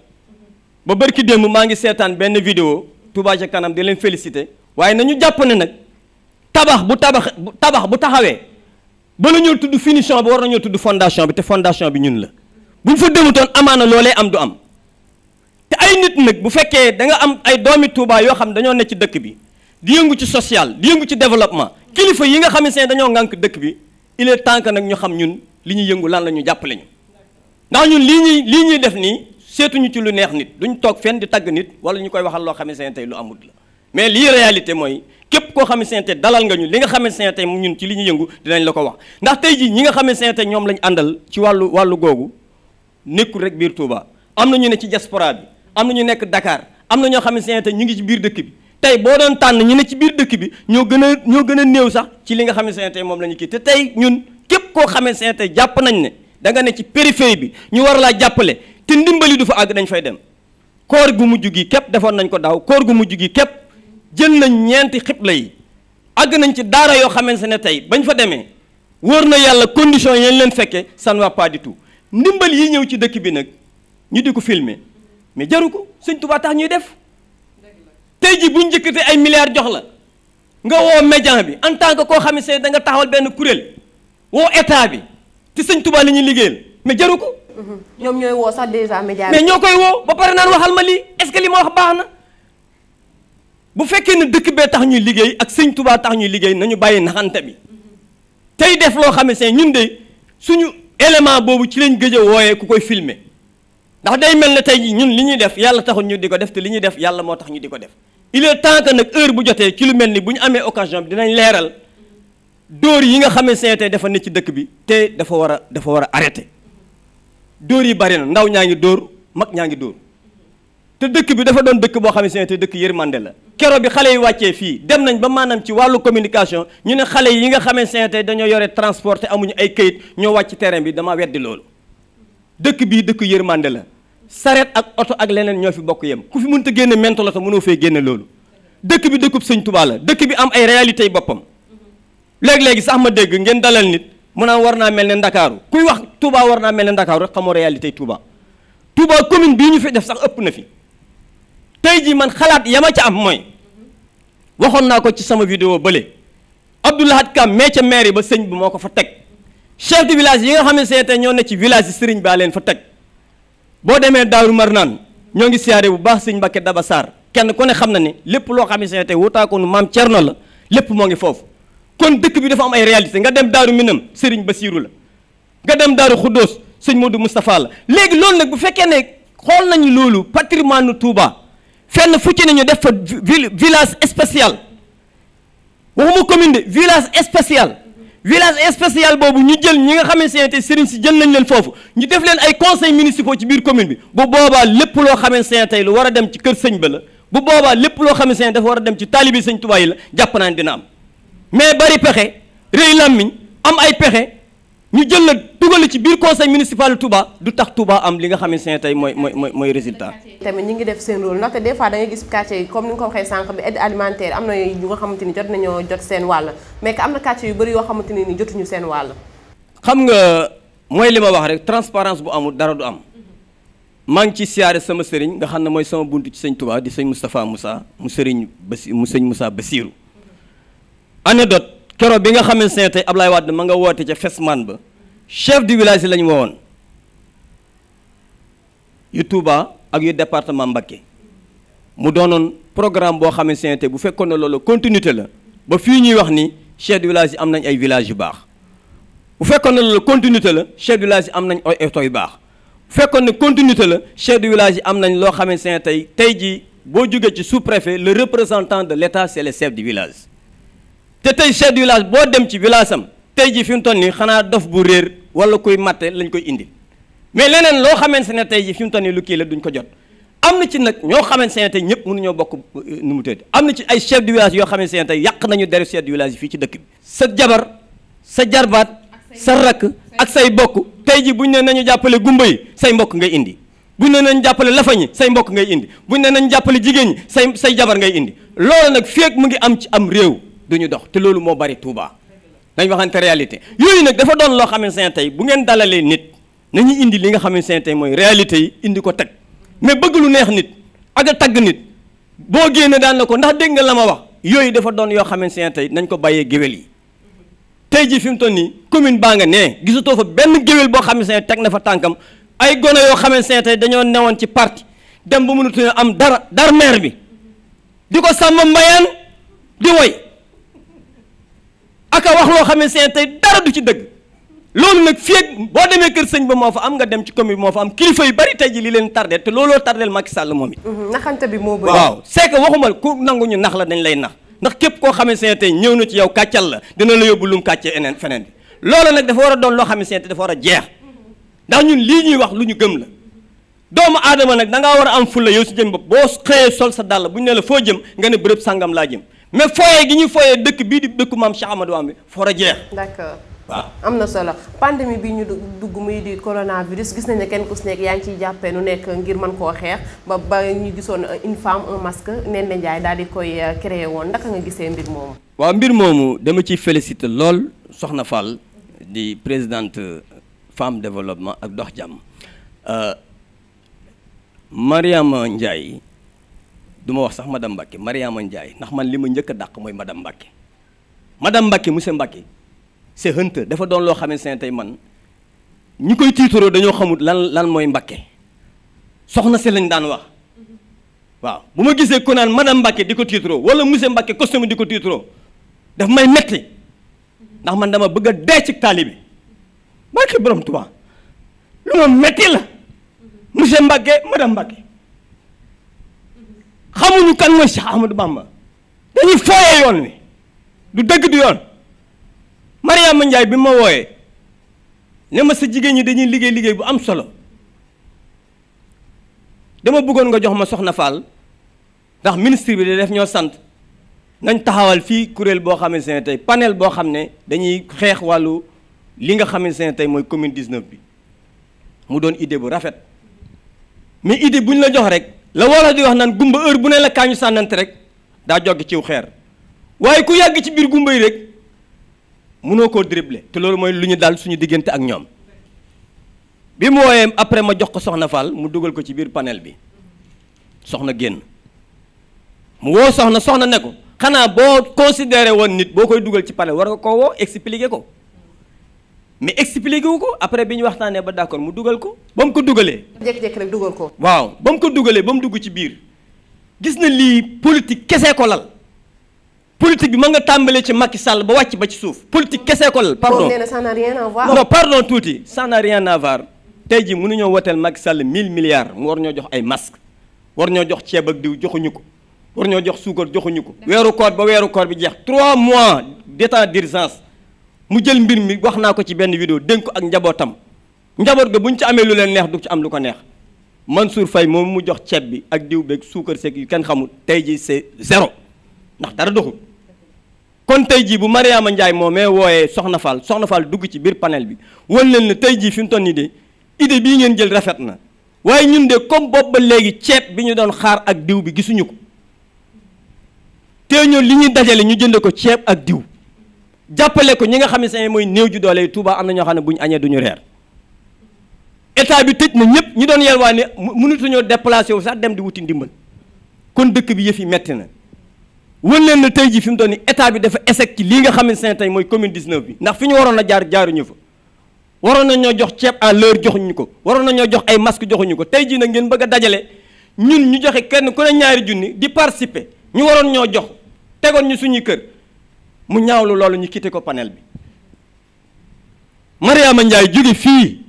ba bërki démb maa ngi seetaan benn vidéo Touba ca kanam di leen féliciter waaye nañu jàpp ne nag tabax bu tabax tabax bu taxawee ba la ñoo tudd finition bi war nañoo tudd fondation bi te fondation bi ñun la bu ñu fa demutoon amaana loolee am du am. te ay nit nag bu fekkee da nga am ay doomi Touba yoo xam dañoo ne ci dëkk bi di yëngu ci social di yëngu ci développement. kilifa yi nga xamante ne dañoo ngànk dëkk bi il est que nag ñu xam ñun li ñuy yëngu lan la ñu jàppale ndax ñu li ñuy lii ñuy def nii seetuñu ci lu neex nit duñ toog fenn di tagg nit wala ñu koy waxal loo xamante ne tey lu amut la mais lii réalité mooy képp koo xamante ne tey dalal nga ñu li nga xamante ne tey ñun ci li ñu yëngu dinañ la ko wax ndax tey jii ñi nga xamante ne tey ñoom lañ àndal ci wàllu wàllu googu nekkul rek biir Touba am na ñu ne ci diaspora am na ñu nekk Dakar am na ñoo xamante ne tey ñu ngi ci biir dëkk bi tey boo doon tànn ñu ne ci biir dëkk bi ñoo gën a ñoo gën a néew sax ci li nga xamante ne tey moom la ñu kii te tey ñun képp koo xamante ne tey jàpp nañ ne da nga ne ci périphérie bi ñu war laa jàppale te ndimbali du fa àgg dañ fay dem koor gu mujj gi képp defoon nañ ko daaw koor gu mujj gi képp jël nañ ñeenti xibla yi àgg nañ ci daara yoo xamante ne tey bañ fa demee wóor na yàlla condition yañ leen fekkee ça ne va pas ndimbal yi ñëw ci dëkk bi nag ñu di ko filmer mais jaru ko Sëñ Tuubaa tax ñuy def tey jii bu njëkk njëkkatee ay milliards jox la nga woo média bi en tant que koo xam ne da nga taxawal benn kuréel woo état bi te sëñ Touba la ñuy liggéeyal mais jaru ko. Mm-hmm. ñoom ñooy woo sax déjà média mais ñoo koy woo ba pare naan waxal ma li est-ce que li ma wax baax na bu fekkee ne dëkk bee tax ñuy liggéey ak sëñ tubaa tax ñuy liggéey nañu bàyyi naxante bi mm-hmm. tey def loo xam ne ñun de suñu élément boobu ci lañ gëj a wooyee ku koy filmer ndax day mel ne tey jii ñun li ñuy def yàlla taxul ñu di ko def te li ñuy def yàlla moo tax ñu di ko def. il est temps que nag heure bu jotee ci lu mel ni bu ñu amee occasion bi dinañ leeral dóor yi nga xamee ne tey dafa ne ci dëkk bi te dafa war a dafa war a arrêté dóor yi bari na ndaw ñaa ngi dóor mag ñaa ngi dóor te dëkk bi dafa doon dëkk boo xamante ne te dëkk yërmande la kero bi xale yi wàccee fii dem nañ ba maanaam ci wàllu communication ñu ne xale yi nga xamante ne dañoo yore transport te amuñu ay kayit ñoo wàcc terrain bi dama weddi loolu dëkk bii dëkk yërmande la saret ak oto ak leneen ñoo fi bokk yem ku fi mënta génne mentoloto mënoo fee génne loolu dëkk bi dëkkub sëñ Tuubaa la dëkk bi am ay réalités boppam léegi-léegi sax ma dégg ngeen dalal nit mu naan war naa mel ne ndakaaru kuy wax Touba war naa mel ne ndakaaru rek xamoo réalité Touba Touba commune bii ñu fi def sax ëpp na fi tey jii man xalaat yama ca am mooy waxoon naa ko ci sama vidéo bële Abdoulahat Kam mee ca maire ba sëñ bi moo ko fa teg chef de village yi nga xam ne seete ñoo ne ci village yi baa leen fa teg boo demee Daaru Marnaan ñoo ngi siyaare bu baax sëñ Mbàkke Daba Sarr kenn ku ne xam na ni lépp loo xam ne seen tey wutaakoonu maam Cerno la lépp moo ngi foofu kon dëkk bi dafa am ay réalité nga dem Daaru Minam sëriñ Basiiru la nga dem Daaru Xuddoos sëñ Modou Moustapha la léegi loolu nag bu fekkee ne xool nañu loolu patrimoine nu Touba fenn fu ci nañu def fa village spécial waxuma commune de village spécial village spécial boobu ñu jël ñi nga xamante ne sëriñ si jël nañ leen foofu ñu def leen ay conseils municipaux ci biir commune bi bu boobaa lépp loo xamante ne tey lu war a dem ci kër sëñ ba la bu boobaa lépp loo xamante ne dafa war a dem ci taalibi sëñ Tuubaa yi la jàpp naa ne dina am mais bari pexe rëy làmmiñ am ay pexe ñu jël la dugal ci biir conseil municipal de Touba du tax Touba am li nga xamante ne tey mooy mooy mooy résultat. tamit ñu ngi def seen rôle ndaxte des fois da ngay gis quartier yi comme ni nga ko waxee sànq bi aide alimentaire am na yu nga xamante ni jot nañoo jot seen wàll mais am na quartier yu bëri yoo xamante ne ni jotuñu seen wàll. xam nga mooy li ma wax rek transparence bu amul dara du am maa ngi ci siyaare sama sëriñ nga xam ne mooy sama buntu ci sëñ Touba di sëñ Moustapha Moussa mu sëriñ Bassi mu sëñ Moussa Bassirou anecdote keroog bi nga xamante ne tey Ablaye Wade ma nga woote ca Fesman ba chef du village yi la ñu woowoon yu Touba ak yu département Mbacké mu doonoon programme boo xamante ne tey bu fekkoon ne loolu continuité la ba fi ñuy wax ni chef du village yi am nañ ay village yu baax bu fekkoon ne loolu continuité la chef du village yi am nañ ay oto yu baax fekkoon ne continuité la chef du village am nañ loo xamante ne tey tey jii boo jógee ci sous-préfet le représentant de l'État c'est le chef du village te tey chef du boo dem ci village am tey ji fi mu toll nii xanaa dof bu réer wala koy matte lañ koy indi mais leneen loo xamante ne tey ji fi mu toll nii lu kii la duñ ko jot am na ci nag ñoo xamante ne tey ñëpp mënuñoo bokk euh, nu mu tëdd am na ci ay chef du village yoo xamante ne tey yàq nañu deru chef du village yi fii ci dëkk bi sa jabar sa jarbaat sa rakk ak say bokk tey ji buñ ne nañu jàppale gumba yi say mbokk ngay indi bu ne nañ jàppale lafañ yi say mbokk ngay indi buñ ne nañ jàppale jigéen ñi say say jabar ngay indi loolu nag feek mu ngi am ci am réew du ñu dox te loolu moo bari Touba dañ waxante réalité yooyu nag dafa doon loo xamante ne tey bu ngeen dalalee nit nañu indi li nga xamante ne tey mooy réalité yi indi ko teg mais bëgg lu neex nit ak a tagg nit boo génne daan na ko ndax dégg nga la ma wax yooyu dafa doon yoo xamante ne tey nañ ko bàyyee géwél yi tey jii fi mu toll nii commune baa nga nee gisutoo fa benn géwél boo xamante ne teg na fa tànkam ay gone yoo xamante ne tey dañoo newoon ci parti dem ba mënatuñu am dara dar bi di ko sàmm mbayaan di aka wax loo xam ne seen tey dara du ci dëgg loolu nag fii ak boo demee kër sëñ ba moo fa am nga dem ci commune moo fa am kilifa yu bari tey ji li leen tardé te looloo tardel Macky Sall moom it. Mhm, naxante bi moo bëri. waaw c'est nangu ñu nax la dañ lay nax ndax képp koo xam ne seen tey ñëw na ci yow kàccal la dina la yóbbu lum kàccee eneen feneen bi nag dafa war a loo xam ne seen tey dafa a jeex ndax ñun lii ñuy wax lu ñu gëm la doomu aadama nag da ngaa war a am fulla yow si jëm bopp boo xëyee sol sa dàll bu ñu ne la foo jëm nga ne bërëb sàngam laa jëm mais foyee gi ñu fooyee dëkk bii di dëkku maam Cheikh Amadou Bamba for a jeex. d'accord waaw am na solo pandémie bi ñu dugg muy di coronavirus gis nañ ne kenn ku si nekk yaa ngi ciy jàppee nu nekk ngir mën koo xeex ba ba ñu gisoon euh, une femme un masque Ndéndé Ndiaye daal di koy euh, créé woon naka nga gisee mbir moomu. waa mbir moomu dama ciy félicité lool Soxna Fall di présidente euh, femme développement ak dox jàmm Mariama Ndiaye. du ma wax sax madame Mbacke Mariama Ndiaye ndax man li ma njëkk a mooy madame Mbacke madame Mbacke monsieur Mbacke c'est dafa doon loo xamante ne tey man ñi koy tiituroo dañoo xamul lan lan mooy Mbacke soxna si lañ daan wax waaw bu ma gisee ku naan madame Mbacke di ko tiituroo wala monsieur Mbacke costume di ko tiituroo daf may metti ndax man dama bëgg a dee ci taali bi Mbacke borom Tuubaa lu ma metti la monsieur Mbacke madame Mbacke xamuñu kan mooy Cheikh Ahmadou Bamba dañuy fooyee yoon wi du dëgg du yoon Mariama Ndiaye bi ma wooyee ne ma sa jigéen ñi dañuy liggéey liggéey bu am solo dama bëggoon nga jox ma soxna Fall ndax ministre bi da def ñoo sant nañ taxawal fii kuréel boo xamante ne tey panel boo xam ne dañuy xeex wàllu li nga xamante ne tey mooy commune 19 bi mu doon idée bu rafet mais idée bu ñu la jox rek. la walla di wax naan gumba heure bu ne la kaañu ñu rek daa joggi ciw xeer waaye ku yàgg ci biir gumba yi rek mënoo koo dribble te loolu mooy lu ñu daal suñu diggante ak ñoom bi mu wooyee après ma jox ko soxna Fall mu dugal ko ci biir paneel bi soxna génn mu woo soxna soxna ne ko xanaa boo considéré woon nit boo koy dugal ci panel war nga ko woo expliquer ko mais expliqué wu ko après bi ñu waxtaanee ba d'accord mu dugal ko ba mu ko dugalee. jékki-jékki rek dugal ko. waaw ba mu ko dugalee ba mu dugg ci biir gis na lii politique kese ko lal politique bi ma nga tàmbalee ci Macky sàll ba wàcc ba ci suuf politique kese ko lal. pardon nee na tuuti ça n'a rien à voir nu ñëw mënuñoo woteel Macky sàll 1000 milliards mu war ñoo jox ay masques war ñoo jox ceeb ak diw joxuñu ko. war ñoo jox suukar joxuñu ko. weeru koor ba weeru koor bi jeex trois mois d'état d'urgence mu jël mbir mi wax naa ko ci benn vidéo dénk ko ak njabootam njaboot ga bu ñu ci amee lu leen neex du ci am lu ko neex Mansour Faye moom mu jox ceeb bi ak diw beeg suukar seeg yu kenn xamul tey jii c'est zéro ndax dara doxul kon tey jii bu Mariama Ndiaye moomee wooyee Soxna Fall Soxna Fall dugg ci biir panel bi wan leen ne tey jii fi mu toll nii de idée bii ngeen jël rafet na waaye ñun de comme bopp ba léegi ceeb bi ñu doon xaar ak diw bi gisuñu ko te ñoo li ñuy dajale ñu jënd ko ceeb ak diw jàppale ko ñi nga xam ne seen mooy néew ju doole yi Touba am na ñoo xam ne bu añee duñu ñu reer état bi tëj na ñëpp ñu doon yelwaane mënatuñoo déplacé wu sax dem di wuti ndimbal kon dëkk bi yëf yi metti na. wan leen na tey jii fi mu doon ni état bi dafa échec ci lii nga xam ne seen tey mooy commune 19 bi ndax fi ñu waroon a jaar jaaruñu fa. waroon ñoo jox ceeb à l'heure joxuñu ko waroon nañoo jox ay masque joxuñu ko tey jii nag ngeen bëgg dajale ñun ñu joxe kenn ku ne ñaari junni di participer ñu waroon ñoo jox tegoon ñu suñuy kër mu ñaaw ñaawlu loolu ñu quitté ko panel bi Mariama Ndiaye jóge fii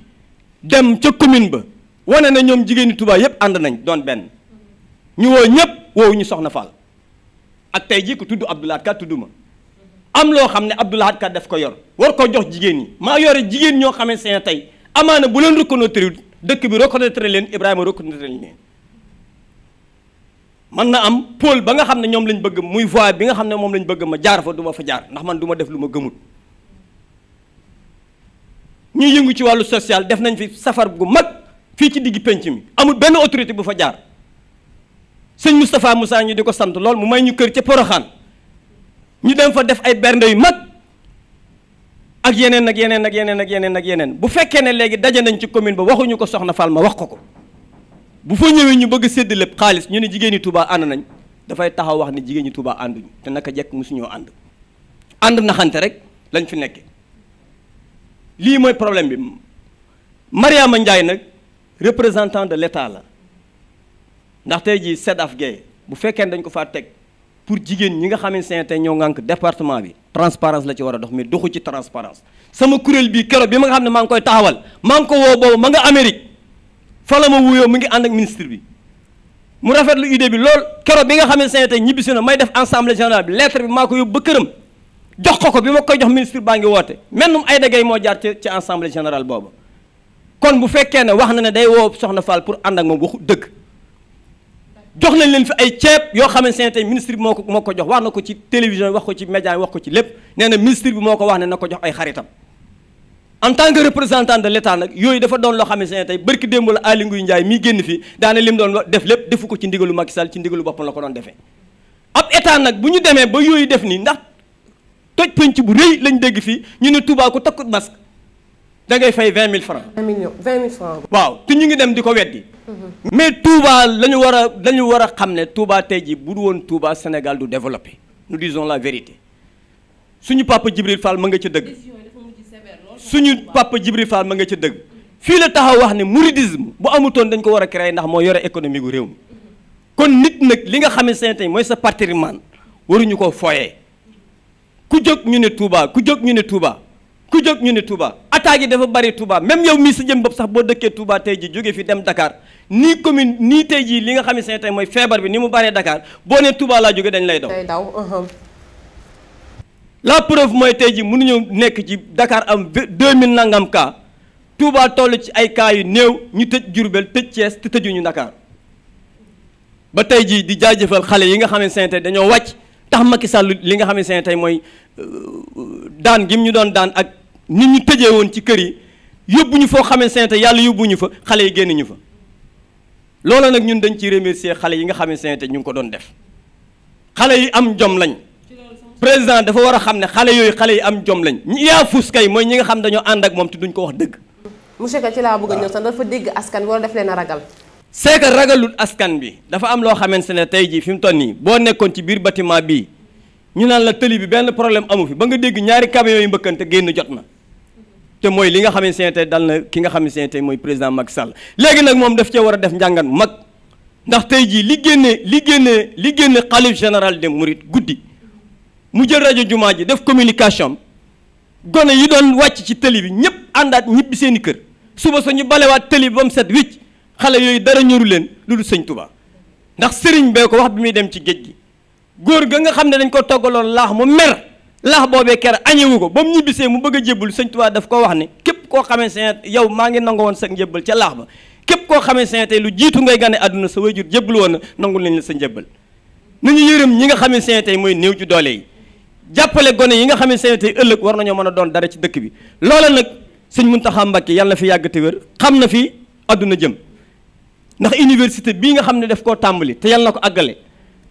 dem ca commune ba wane na ñoom jigéeni Touba yépp ànd nañ doon benn ñu woo ñëpp woowu ñu soxna Fall ak tey jii ku tudd Abdou Lahad Ka tudd ma am loo xam ne Abdou Lahad Ka daf ko yor war koo jox jigéen ñi maa yore jigéen ñoo xamee seen tey amaana bu leen reconnaître dëkk bi reconnaître leen Ibrahima reconnaître leen man na am pôle ba nga xam ne ñoom lañ bëgg muy voie bi nga xam ne moom lañ bëgg ma jaar fa du fa jaar ndax man du ma def lu ma gëmul ñuy yëngu ci wàllu social def nañ fi safar gu mag fii ci digg penc mi amul benn autorité bu fa jaar sëñ Moustapha Moussa ñu di ko sant lool mu may ñu kër ca Poroxaan ñu dem fa def ay bernde yu mag ak yeneen ak yeneen ak yeneen ak yeneen ak yeneen bu fekkee ne léegi daje nañ ci commune ba waxuñu ko soxna Fall ma wax ko ko bu fa ñëwee ñu bëgg a sédd lépp xaalis ñu ne jigéen ñi Touba ànd nañ dafay taxaw wax ne jigéen ñi Touba ànduñu te naka jekk mosuñoo ànd ànd naxante rek lañ fi nekkee lii mooy problème bi Mariama Ndiaye nag représentant de l'État la ndax tey jii SEDAF Guèye bu fekkee dañ ko faa teg pour jigéen ñi nga xamante ne tey ñoo ngànk département bi transparence la ci war a dox mais doxu ci transparence sama kuréel bii keroog bi ma nga xam ne maa ngi koy taxawal maa ngi ko woo boobu ma nga Amérique fa la ma wuyoo mu ngi ànd ak ministre bi mu rafetlu idée bi lool keroog bi nga xam ne seen tey ñibbisi na may def assemblée générale bi lettre bi maa ko yóbbu ba këram jox ko bi ma koy jox ministre baa ngi woote mennum ay dagay moo jaar ci ci assemblée générale boobu. kon bu fekkee ne wax na ne day woo Soxna Fall pour ànd ak moom waxu dëkk jox na leen fi ay ceeb yoo xam ne seen tey ministre bi moo ko moo ko jox wax na ko ci télévision wax ko ci média wax ko ci lépp nee na ministre bi moo ko wax ne na ko jox ay xaritam. en tant que représentant de l'État nag yooyu dafa doon loo xam ne tey barki démb la Aly Ngouille Ndiaye mii génn fii daane lim doon def lépp defu ko ci ndigalu Macky Sall ci ndigalu boppam la ko doon defee ab état nag bu ñu demee ba yooyu def nii ndax toj penc bu rëy lañ dégg fii ñu ne Touba ku takkut masque da ngay fay vingt mille francs vingt mille francs waaw te ñu ngi dem di ko weddi mm-hmm. mais Touba la ñu war a la war a xam ne Touba tey ji bu woon Touba Sénégal du développé nous la vérité suñu papa Djibril Fall ma nga ca dëgg suñu papa Djibril Fall ma nga ca dëgg fii la taxaw wax ne mouridisme bu amutoon dañ ko war a créer ndax moo yore économie gu réew mi kon nit nag li nga xam ne seente mooy sa patrimoine waruñu ko fooyee ku jóg ñu ne Touba ku jóg ñu ne Touba ku jóg ñu ne Touba attaques yi dafa bari Touba même yow mii sa jëm bopp sax boo dëkkee Touba ji jógee fi dem Dakar nii commune nii tey jii li nga xam ne seente mooy feebar bi ni mu baree Dakar boo ne Touba laa jóge dañ lay daw la preuve mooy tey ji mënuñu nekk ci dakaar am deux mille nangam cas Touba toll ci ay cas yu néew ñu tëj Diourbel tëj Thiès te tëjuñu Dakar ba tey jii di jaajëfal xale yi nga xam ne seen dañoo wàcc tax Macky sàll li nga xam ne seen tey mooy euh, daan gim ñu doon daan ak nit ñu tëje woon ci kër yi yóbbu ñu foo xam ne seen yàlla yóbbu ñu fa xale yi génn ñu fa loolu nag ñun dañ ci remercier xale yi nga xam ne seen tey ñu ngi ko doon def xale yi am jom lañ président dafa war a xam ne xale yooyu xale yi am jom lañ ñi yaa fuus kay mooy ñi nga xam dañoo ànd ak moom te duñ ko wax dëgg. monsieur Ka ci laa bëgg a ñëw sax dafa dégg askan wala daf leen ragal. c'est que ragalul askan bi dafa am loo xamante ne tey jii fi mu toll nii boo nekkoon ci biir bâtiment bii ñu naan la tëli bi benn problème amu fi ba nga dégg ñaari camions yu mbëkkante génn jot na. te mooy li nga xamante ne tey dal na ki nga xamante ne tey mooy président mag Sall léegi nag moom daf cee war a def njàngat mag ndax tey jii li génnee li génnee li génne xalif général des mourides guddi mu jël rajo jumaa ji def communication gone yi doon wàcc ci tëli bi ñëpp àndaat ñibbi seen i kër suba sa ñu balewaat tëli bi ba mu set wicc xale yooyu dara ñoru leen lu du sëñ Tuubaa ndax sëriñ bee ko wax bi muy dem ci géej gi góor ga nga xam ne dañ ko toggaloon laax mu mer laax boobee ker añewu ko ba mu ñibbisee mu bëgg a jébbul sëñ Tuubaa daf ko wax ne képp koo xamee seen yow maa ngi nangu woon sa njébbal ca laax ba képp koo xamee seen tey lu jiitu ngay gane àdduna sa wayjur jébbal woon na nangul nañ la sa njébbal nañu yërëm ñi nga xamee seen tey mooy néew ju doole yi jàppale gone yi nga xamante ne tey ëllëg war nañoo mën a doon dara ci dëkk bi loola nag sëñ Muntaxa Mbàkke yàlla na fi yàgg te wér xam na fi àdduna jëm ndax université bii nga xam ne def koo tàmbali te yàlla na ko àggale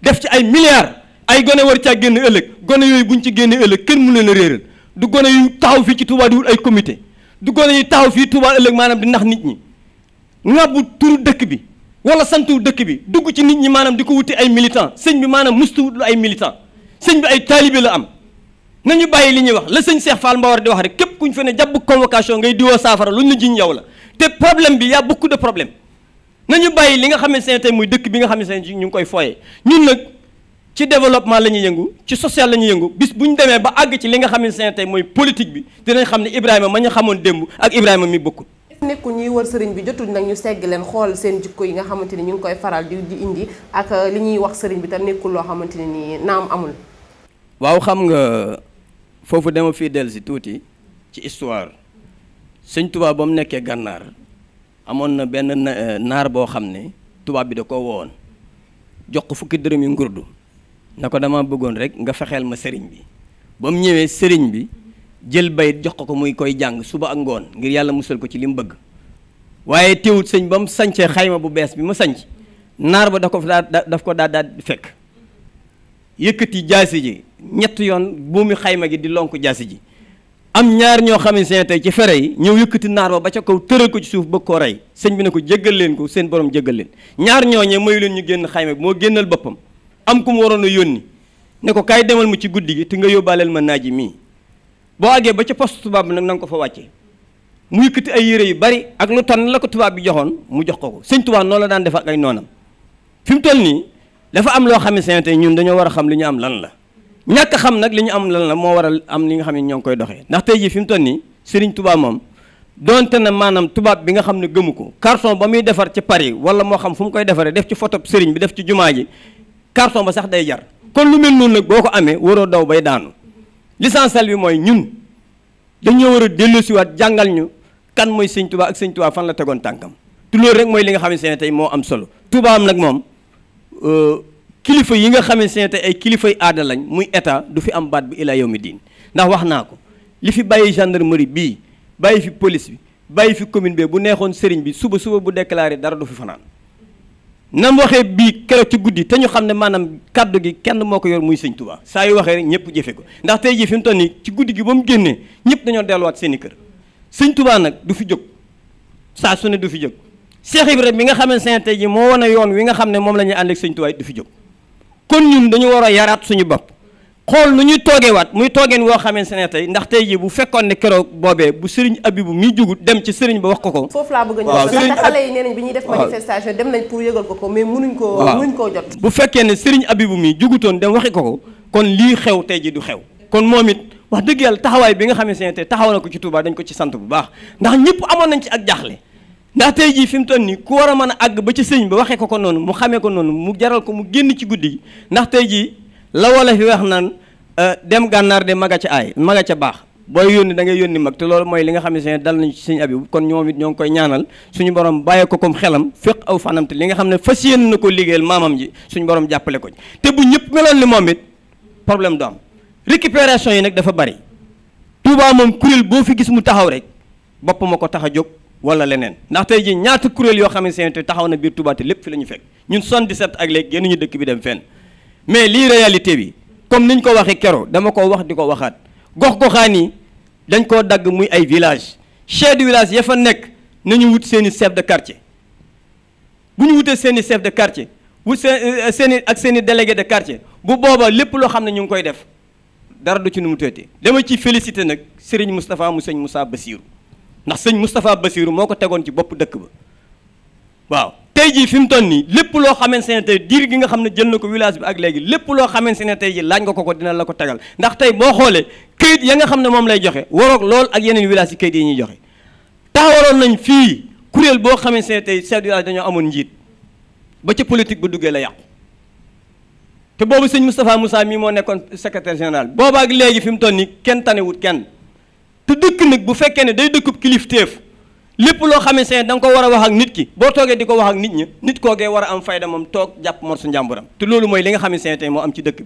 def ci ay milliards ay gone war caa génn ëllëg gone yooyu buñ ci génnee ëllëg kenn mu leen a réeral du gone yu taxaw fii ci Touba di wut ay comité du gone yu taxaw fii Touba ëllëg maanaam di ndax nit ñi ŋàbbu turu dëkk bi wala santu dëkk bi dugg ci nit ñi maanaam di ko wuti ay militant sëñ bi maanaam mustu wut lu ay militant sëñ bi ay taalibe la am na ñu bàyyi li ñuy wax la sëñ Cheikh Fall war di wax rek képp ku fe ne jàpp convocation ngay diwoo saafara lu la la te problème bi y a beaucoup de problème nañu bàyyi li nga xamante ne tey muy dëkk bi nga xamante ne ñu ngi koy fooyee ñun nag ci développement la ñuy yëngu ci social la ñuy yëngu bis bu ñu demee ba àgg ci li nga xam ne tey mooy politique bi dina xam ne Ibrahima ma ñu xamoon démb ak Ibrahima mi bokkul nekkul ñuy wër sëriñ bi jotul nag ñu segg leen xool seen jikko yi nga xamante ni ñu ngi koy faral di di indi ak li wax sëriñ bi te nekkul loo xamante ne nii naam amul waaw xam nga foofu dama fii dellu si tuuti ci histoire sëñ tubaab ba mu nekkee gànnaar amoon na benn eh, naar boo xam ne tubaab bi da ko wowoon jox ko fukki dërëm yu ngurdu na ko dama bëggoon rek nga fexeel ma sëriñ bi ba mu ñëwee sëriñ bi jël bayit jox ko ko muy koy jàng suba ak ngoon ngir yàlla musal ko ci li bëgg waaye teewut sëñ ba mu sañcee xayma bu bees bi ma sañc naar ba daf ko daa daf ko daa daa fekk yëkkati jaasi ji ñett yoon buumi xayma gi di lonk jaasi ji am ñaar ñoo xamante ne tey ci fere yi ñëw yëkkati naar ba ba ca kaw tëral ko ci suuf bëgg koo rey sëñ bi ne ko jéggal leen ko seen borom jéggal leen ñaar ñooñee mayu leen ñu génn xayma bi moo génnal boppam am ku mu waroon a yónni ne ko kaay demal mu ci guddi gi te nga yóbbaaleel ma naa ji mii boo àggee ba ca post tubaab bi nag nanga ko fa wàccee mu yëkkati ay yére yu bari ak lu tànn la ko tubaab bi joxoon mu jox ko ko sëñ tubaab la daan def ay noonam fi mu nii dafa am loo xam ne sante ñun dañoo war a xam li ñu am lan la ñàkk xam nag li ñu am lan la moo war waral am li nga xam ne ñoo ngi koy doxee ndax tey jii fi ton toll nii Serigne tubaab moom donte na maanaam tubaab bi nga xam ne gëmu ko carton ba muy defar ci Paris wala moo xam fu mu koy defaree def ci foto Serigne bi def ci jumaa ji carton ba sax day jar kon lu mel noonu nag boo ko amee waroo daw bay daanu l'essentiel bi mooy ñun dañoo war a dellusiwaat jàngal ñu kan mooy Sëñ Touba ak fan la tegoon tànkam te loolu rek mooy nga xam ne tey moo am solo Touba nag moom. Euh, kilifa yi nga xamante ne te ay kilifay aada lañ muy état du fi am baat bi yow mi diin ndax wax naa ko li fi bàyyi gendarmerie bii bàyyi fi police bi bàyyi fi commune bi bu neexoon sëriñ bi suba suba bu déclaré dara du fi fanaan nam waxee bii keroog ci guddi te ñu xam ne maanaam kàddu gi kenn moo ko yor muy sëñ Tuubaa saa yu waxee rek ñëpp jëfe ko ndax tey jii mu toll nii ci guddi gi ba mu génnee ñëpp dañoo delluwaat seeni kër sëñ Tuubaa nag du fi jóg saa su du fi jóg Cheikh rek mi nga xamante ne ji moo wane yoon wi nga xam ne moom la ñuy ànd ak Sëñ Tuubaa du fi jóg kon ñun dañu war a yaraat suñu bopp xool nu ñuy toogeewaat muy toogeen woo xamante ne tey ndax tey jii bu fekkoon ne keroog boobee bu sëriñ Abibu mi jugut dem ci sëriñ ba wax ko ko. foofu laa bëgg a ñëw ndax xale ñuy def manifestation dem nañ pour yëgal ko ko mais mënuñ koo mënuñ koo jot. bu fekkee ne sëriñ Abibu mi jugutoon dem waxi ko ko kon lii xew tey ji du xew kon moom it wax dëgg yàlla taxawaay bi nga xamante ne tey taxaw na ko ci Touba dañ ko ci sant bu baax ndax ñëpp amoon nañ ci ak jaaxle ndax tey jii fi mu toll nii ku war a mën a àgg ba ci sëñ bi waxee ko ko noonu mu xame ko noonu mu jaral ko mu génn ci guddi gi ndax tey jii la wala fi wax naan euh, dem gànnaar de maga ca aay maga ca baax booy yónni da ngay yónni mag te loolu mooy li nga xam ne dal nañu ci sëñ Abibu kon ñoom it ñoo ngi koy ñaanal suñu borom bàyyi ko comme xelam féq aw fanam te li nga xam ne fas yéen na ko liggéeyal maamam ji suñu borom jàppale ko te bu ñëpp meloon ni moom it problème du am yi nag dafa bari Touba moom kuréel boo fi gis mu taxaw rek bopp ko tax a jóg wala leneen ndax tey ji ñaata kuréel yoo xam ne taxaw na biir Touba lépp fi la ñu fekk ñun 77 ak léegi génnuñu dëkk bi dem fenn mais lii réalité bi comme niñ ko waxee kero dama ko wax di ko waxaat gox-goxaan yi dañ koo dagg muy ay village chef de village ya fa nekk nañu wut seeni i de quartier bu ñu wutee seen i chef de quartier wut seen euh, seen ak seen i de quartier bu booba lépp loo xam ne ñu ngi koy def dara du ci nu mu tëddee dama ciy félicité nag Serigne Moustapha mu sëñ Moussa Bassirou ndax sëñ Moustapha Bassirou moo ko tegoon ci bopp dëkk ba waaw tey jii fi mu toll nii lépp loo xamante ne tey diir gi nga xam ne jël na ko village bi ak léegi lépp loo xamante ne tey jii laaj nga ko ko dina la ko tegal ndax tey boo xoolee këyit ya nga xam ne moom lay joxe waroog lool ak yeneen village yi këyit yi ñuy joxe taxawaroon nañ fii kuréel boo xamante ne tey chef dañoo amoon njiit ba ca politique bu duggee la yàqu te boobu sëñ Moustapha Moussa mii moo nekkoon secrétaire général boobaak léegi fi mu toll nii kenn tanewut kenn te dëkk nag bu fekkee ne day dëkkub kilifteef lépp loo xamante ne da nga ko war a wax ak nit ki boo toogee di ko wax ak nit ñi nit koogee war a am fayda moom toog jàpp mor su njàmburam te loolu mooy li nga xamante ne tey moo am ci dëkk bi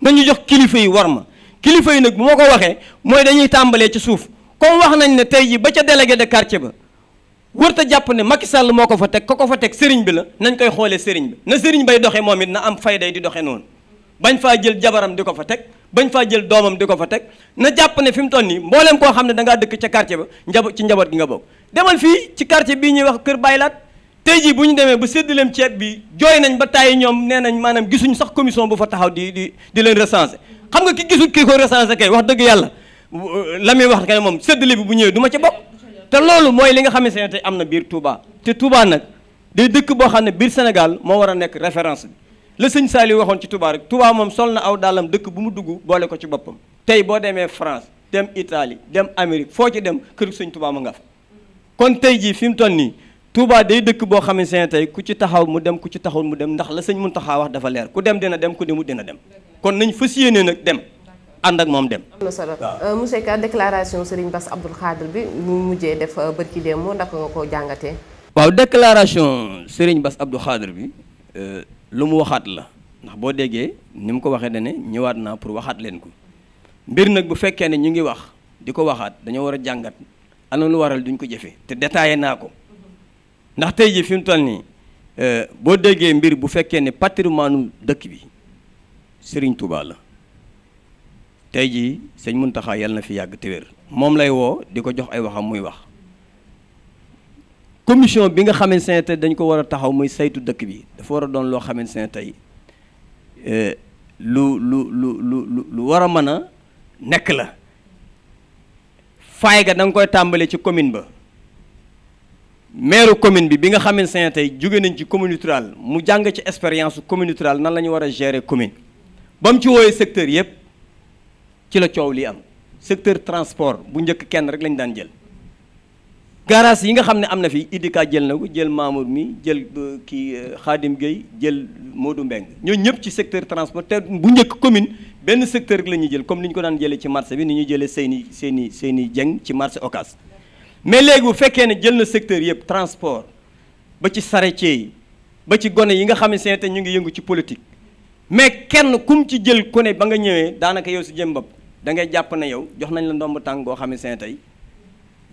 nañu jox kilifa yi war ma kilifa yi nag bu ma ko waxee mooy dañuy tàmbalee ca suuf comme wax nañ ne tey ji ba ca délégué de karce ba wër ta jàpp ne Macky sàll moo ko fa teg ko ko fa teg sëriñ bi la nañ koy xoolee sëriñ bi na sëriñ bay doxee moom it na am fayda yi di doxee noonu bañ faa jël jabaram di ko fa teg bañ faa jël doomam di ko fa teg na jàpp ne fi mu toll nii mbooleem koo xam ne dangaa dëkk ca quartier ba njabo ci njaboot gi nga bokk demal fii ci quartier bii ñuy wax kër baylaat tey jii bu ñu demee ba leen ceeb bi jooy nañ ba tàyyi ñoom nee nañ maanaam gisuñu sax commission bu fa taxaw di di di leen recensé xam nga ki gisul kii ko recensé kay wax dëgg yàlla la muy wax kay moom séddale bi bu ñëwee duma ci bokk te loolu mooy li nga xamante ne tey am na biir Touba te Touba nag day dëkk boo xam ne biir Sénégal moo war a nekk référence bi la sëñ Saliou waxoon ci Touba rek tubaa moom sol na aw dàllam dëkk bu mu dugg boole ko ci boppam tey boo demee France dem Italie dem Amérique foo ci dem kër sëñ tubaa mu nga fa. kon tey jii fi mu toll nii Touba dey dëkk boo xamante ne tey ku ci taxaw mu dem ku ci taxawul mu dem ndax la sëñ mun Mountakha wax dafa leer ku dem dina dem ku mu dina dem kon nañ fas yéene nag dem. ànd ak moom dem. mu na solo euh, monsieur Ka déclaration Serigne Bass Abdoul Khadr bi mu mujjee def euh, barki démb ndax nga ko jàngatee. waaw déclaration Serigne Bass Abdoul bi. Euh, lu mu waxaat la ndax boo déggee ni mu ko waxee dane ñëwaat naa pour waxaat leen ko mbir nag bu fekkee ne ñu ngi wax di ko waxaat dañoo war a jàngat ana lu waral duñ ko jëfee te détaillé naa ko ndax tey ji fi mu toll nii euh, boo déggee mbir bu fekkee ne patrimoine dëkk bi Serigne Touba la tey jii sëñ Muntaxa yàlla na fi yàgg te moom lay woo di ko jox ay waxam muy wax commission bi nga xamante ne tey dañ ko war a taxaw muy saytu dëkk bi dafa war a doon loo xamante ne tey euh, lu lu lu lu lu war a mën a nekk la faay ga da nga koy tàmbale ci commune ba maire commune bi bi nga xamante ne tey jóge nañ ci commune rurale mu jàng ci expérience commune rurale nan la ñu war a gérer commune ba mu ci wooyee secteur yëpp ci la coow li am secteur transport bu njëkk kenn rek lañ daan jël garage yi nga xam ne am na fi IDK jël na ko jël Mamour mi jël euh, kii xaadim euh, Gueye jël Modou Mbengue ñooñu ñëpp ci secteur transport te bu njëkk commune benn secteur rek la ñuy jël comme ni ñu ko daan jëlee ci marché bi ni ñuy jëlee seeni seeni seeni jeng ci marché Ocass mais léegi bu fekkee ne jël na secteur yëpp transport ba ci charretier yi ba ci gone yi nga xam ne te ñu ngi yëngu ci politique mais kenn kum ci jël ku ne ba nga ñëwee daanaka yow si jëm bopp da ngay jàpp ne yow jox nañ la ndomb tàng xam ne tey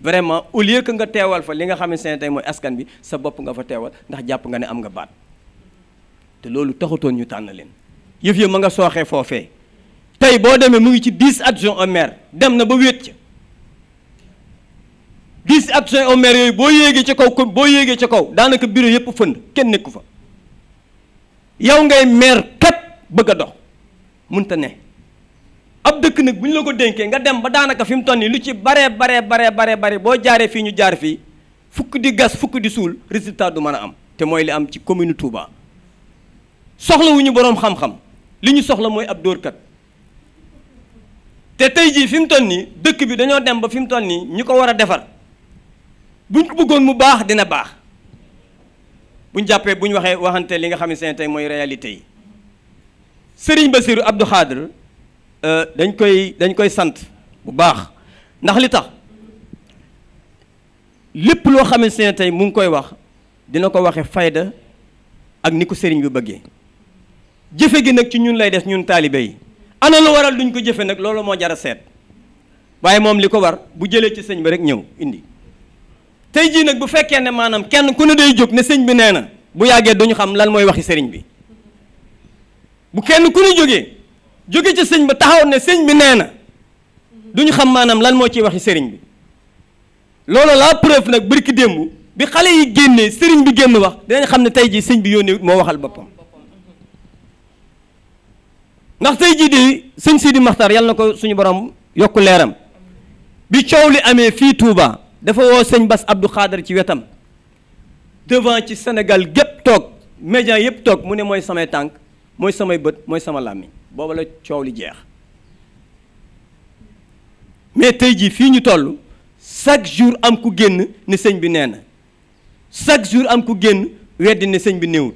vraiment au lieu que nga teewal fa li nga xamante ne tey mooy askan bi sa bopp nga fa teewal ndax jàpp nga ne am nga baat te loolu taxutoon ñu tànn leen yëf yëf ma nga sooxee foofee tey boo demee mu ngi ci 10 adjoints au maire dem na ba wéet ca 10 adjoints au maire yooyu boo yéegee ca kaw boo yéegee ca kaw daanaka bureau yëpp fënd kenn nekku fa yow ngay maire kat bëgg a dox munta ne ab dëkk nag bu ñu la ko dénkee nga dem ba daanaka fi mu toll nii lu ci bare baree baree baree bare boo jaaree fii ñu jaar fii fukk di gas fukk di suul résultat du mën a am te mooy li am ci commune Touba soxlawuñu boroom xam-xam li ñu soxla mooy ab dóorkat te tey jii fi mu toll nii dëkk bi dañoo dem ba fi mu toll nii ñu ko war a defar buñ ko bëggoon mu baax dina baax buñ jàppee buñ waxee waxante li nga xam ne seen tey mooy réalité yi Serigne Bassirou Abdou Khadre Euh, dañ koy dañ koy sant bu baax ndax li tax lépp loo xamante ne tey mu ngi koy wax dina ko waxe fayda ak ni ko sëriñ bi bëggee jëfe gi nag ci ñun lay des ñun taalibe yi ana lu waral duñ ko jëfe nag loolu moo jar a seet waaye moom li ko war bu jëlee ci sëñ bi rek ñëw indi tey jii nag bu fekkee ne maanaam kenn ku ne day jóg ne sëñ bi nee na bu yàggee duñu xam lan mooy waxi sëriñ bi bu kenn ku ne jógee jóge ci sëñ ba taxaw ne sëñ bi nee na duñu xam maanaam lan moo ciy waxi sëriñ bi loolu la preuve nag bërki démb bi xale yi génnee sëriñ bi génn wax dinañ xam ne tey jii sëñ bi yónnee moo waxal boppam ndax tey jii di sëñ Sidi Maxtar yàlla na ko suñu borom yokk leeram bi coow li amee fii Touba dafa woo sëñ Bass Abdou xaadar ci wetam devant ci Sénégal gépp toog média yëpp toog mu ne mooy samay tànk mooy samay bët mooy sama làmmiñ booba la coow li jeex mais tey jii fii ñu toll chaque jour am ku génn ne sëñ bi nee na chaque jour am ku génn weddi ne sëñ bi néewul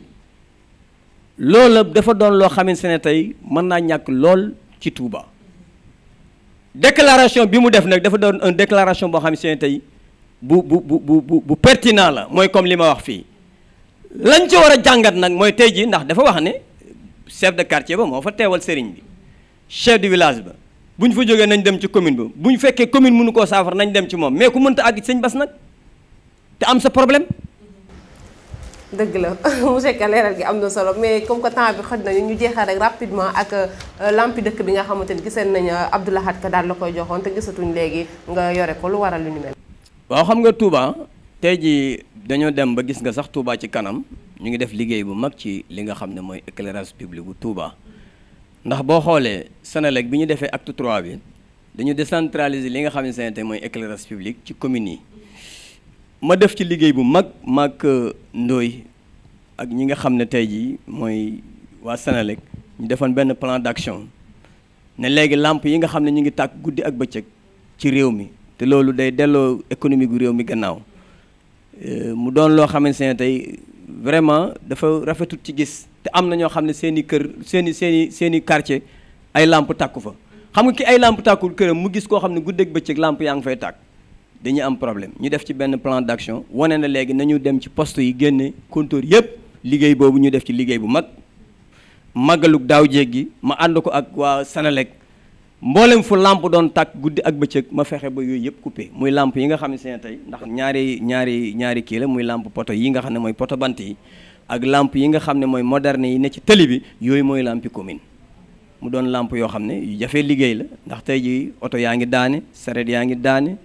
loola dafa doon loo xamante ne tey mën naa ñàkk lool ci Touba déclaration bi mu def nag dafa doon une déclaration boo xamante ne tey bu bu bu bu bu la mooy comme li ma wax fii lañ ci war a jàngat nag mooy tey jii ndax dafa wax ne. chef de quartier ba moo fa teewal sëriñ bi chef de village ba bu ñu fa jógee nañ dem ci commune bi bu ñu fekkee commune mënu koo saafara nañu dem ci moom mais ku mënta àgg sëñ Bass nag te am sa problème. dëgg la [LAUGHS] monsieur Ka leeral gi am na solo mais comme que temps bi xoj nañu ñu jeexal rek rapidement ak euh, lampi dëkk bi nga xamante ni giseen nañu euh, Abdou Lahad Ka daal la koy joxoon te gisatuñ léegi nga yore ko lu waral lu ñu mel. waaw xam nga Touba dañoo dem ba gis nga sax Touba ci kanam. ñu ngi def liggéey bu mag ci li nga xam ne mooy éclairage public bu Touba ndax boo xoolee Sénélec bi ñu defee acte 3 bi dañu décentraliser li nga xam ne santé mooy éclairage public ci communes yi ma def ci liggéey bu mag mag euh, ndooy ak ñi nga xam ne tey jii mooy waa Sénélec ñu defoon benn plan d'action ne léegi làmp yi nga xam ne ñu ngi tàkk guddi ak bëccëg ci réew mi te loolu day delloo économie gu réew mi gannaaw euh, mu doon loo xamante ne tey vraiment dafa rafetut ci gis te am na ñoo xam ne seen i kër seen i seen i seen ay làmp tàkku fa xam nga ki ay làmp tàkkul këram mu gis koo xam ne guddeeg bëccëg làmp yaa ngi fay tàkk dañuy am problème ñu def ci benn plan d'action wane na léegi nañu dem ci poste yi génne compteur yépp liggéey boobu ñu def ci liggéey bu mag màggalug daaw jéeg gi ma ànd ko ak waa Senelec mboolem fu làmp doon tàkk guddi ak bëccëg ma fexe ba yooyu yëpp coupé muy làmp yi nga xam ne seen tey ndax ñaari ñaari ñaari kii la muy làmp poto yi nga xam ne mooy poto bant yi ak làmp yi nga xam ne mooy moderne yi ne ci tëli bi yooyu mooy làmpi commune mu doon làmp yoo xam ne yu jafee liggéey la ndax tey ji oto yaa ngi daane sareet yaa ngi daane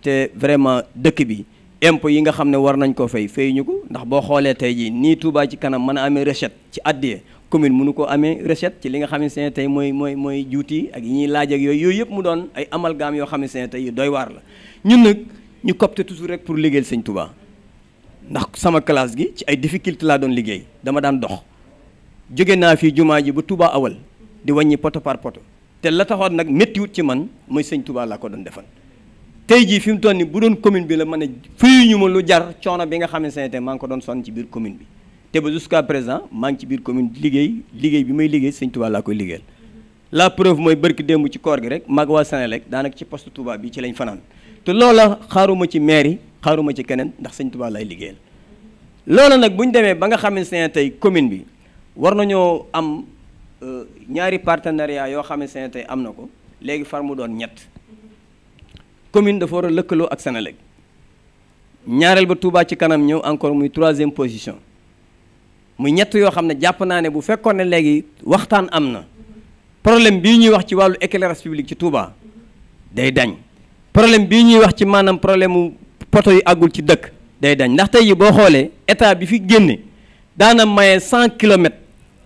te vraiment dëkk bi impôts yi nga xam ne war nañ koo fay fay ñu ko ndax boo xoolee tey ji nii Touba ci kanam mën a amee recette ci addiye commune mënu ko amee recette ci li nga xamante ne tey mooy mooy mooy juuti ak yi ñuy laaj yooyu yooyu yëpp mu doon ay amalgaam yoo xamante ne tey dooy doy waar la ñun nag ñu copte toujours rek pour liggéeyal sëñ ndax sama classe gi ci ay difficulté laa doon liggéey dama daan dox jóge naa fii jumaa ji ba tubaa awal di wàññi poto par poto te la taxoon nag méttiwut ci man mooy sëñ Touba laa ko doon defal tey jii fi mu toll nii bu doon commune bi la a fayuñu ma lu jar coono bi nga xamante ne tey maa ngi ko doon sonn ci biir commune bi te ba jusqu'à présent maa ngi ci biir commune liggéey liggéey bi may liggéey sëñ Touba laa koy liggéeyal la preuve mooy barki démb ci koor gi rek mag waa Senelec daanaka ci poste Touba bi ci lañ fanaan te loola xaaruma ci mairie xaaruma ci keneen ndax sëñ Touba lay liggéeyal loola nag bu ñu demee ba nga xamante ne tey commune bi war nañoo am euh, ñaari partenariat yoo xamante ne tey am na ko léegi far mu doon ñett commune dafa war a lëkkaloo ak Senelec ñaareel ba Touba ci kanam ñëw encore muy troisième position muy ñett yoo xam ne jàpp naa ne bu fekkoon ne léegi waxtaan am na problème bii ñuy wax ci wàllu éclairage public ci Touba day dañ problème bii ñuy wax ci maanaam problème mu poto yu àggul ci dëkk day dañ ndax tey yi boo xoolee état bi fi génne daana maye cent kilomètres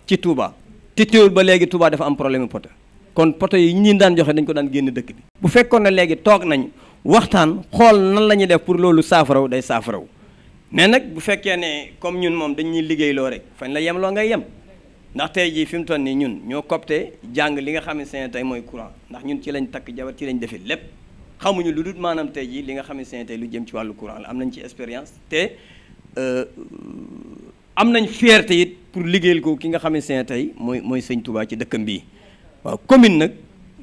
ci Touba te teewul ba léegi Touba dafa am problème poto kon poto yi ñi daan joxe dañ ko daan génn dëkk bi bu fekkoon na léegi toog nañ waxtaan xool nan la ñuy def pour loolu saafaraw day saafaraw mais nag bu fekkee ne comme ñun moom dañuy liggéeyloo rek fan la yem loo ngay yem ndax tey jii fi mu toll nii ñun ñoo copte jàng li nga xamante ne tey mooy courant ndax ñun ci lañ takk jabar ci lañ defee lépp xamuñu lu dut maanaam tey jii li nga xamante ne tey lu jëm ci wàllu courant la am nañ ci expérience te euh, am nañ fierté it pour liggéeyal ko ki nga xamante ne tey mooy mooy sëñ Touba ci dëkkam bii waaw commune nag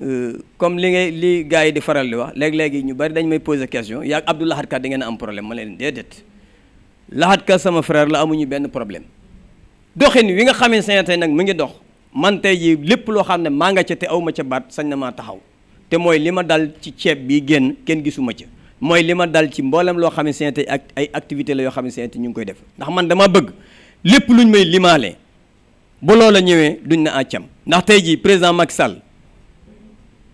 euh, comme li ngay li gaa yi di faral di wax léeg-léegi ñu bari dañ may poser question yaa Abdou Lahad Ka ngeen am problème ma leen déedéet Lahat Ka sama frère la amuñu benn problème doxin wi nga xamee ne tey nag mu ngi dox man tey jii lépp loo xam ne maa nga ca te aw ma ca baat sañ na maa taxaw te mooy li ma dal ci ceeb bi génn kenn gisuma ca mooy li ma dal ci mboolem loo xam ne tey ak ay activité la yoo xam ne ñu ngi koy def ndax man dama bëgg lépp luñ may limaale ba loola ñëwee duñ na àccam ndax tey jii président Macky sal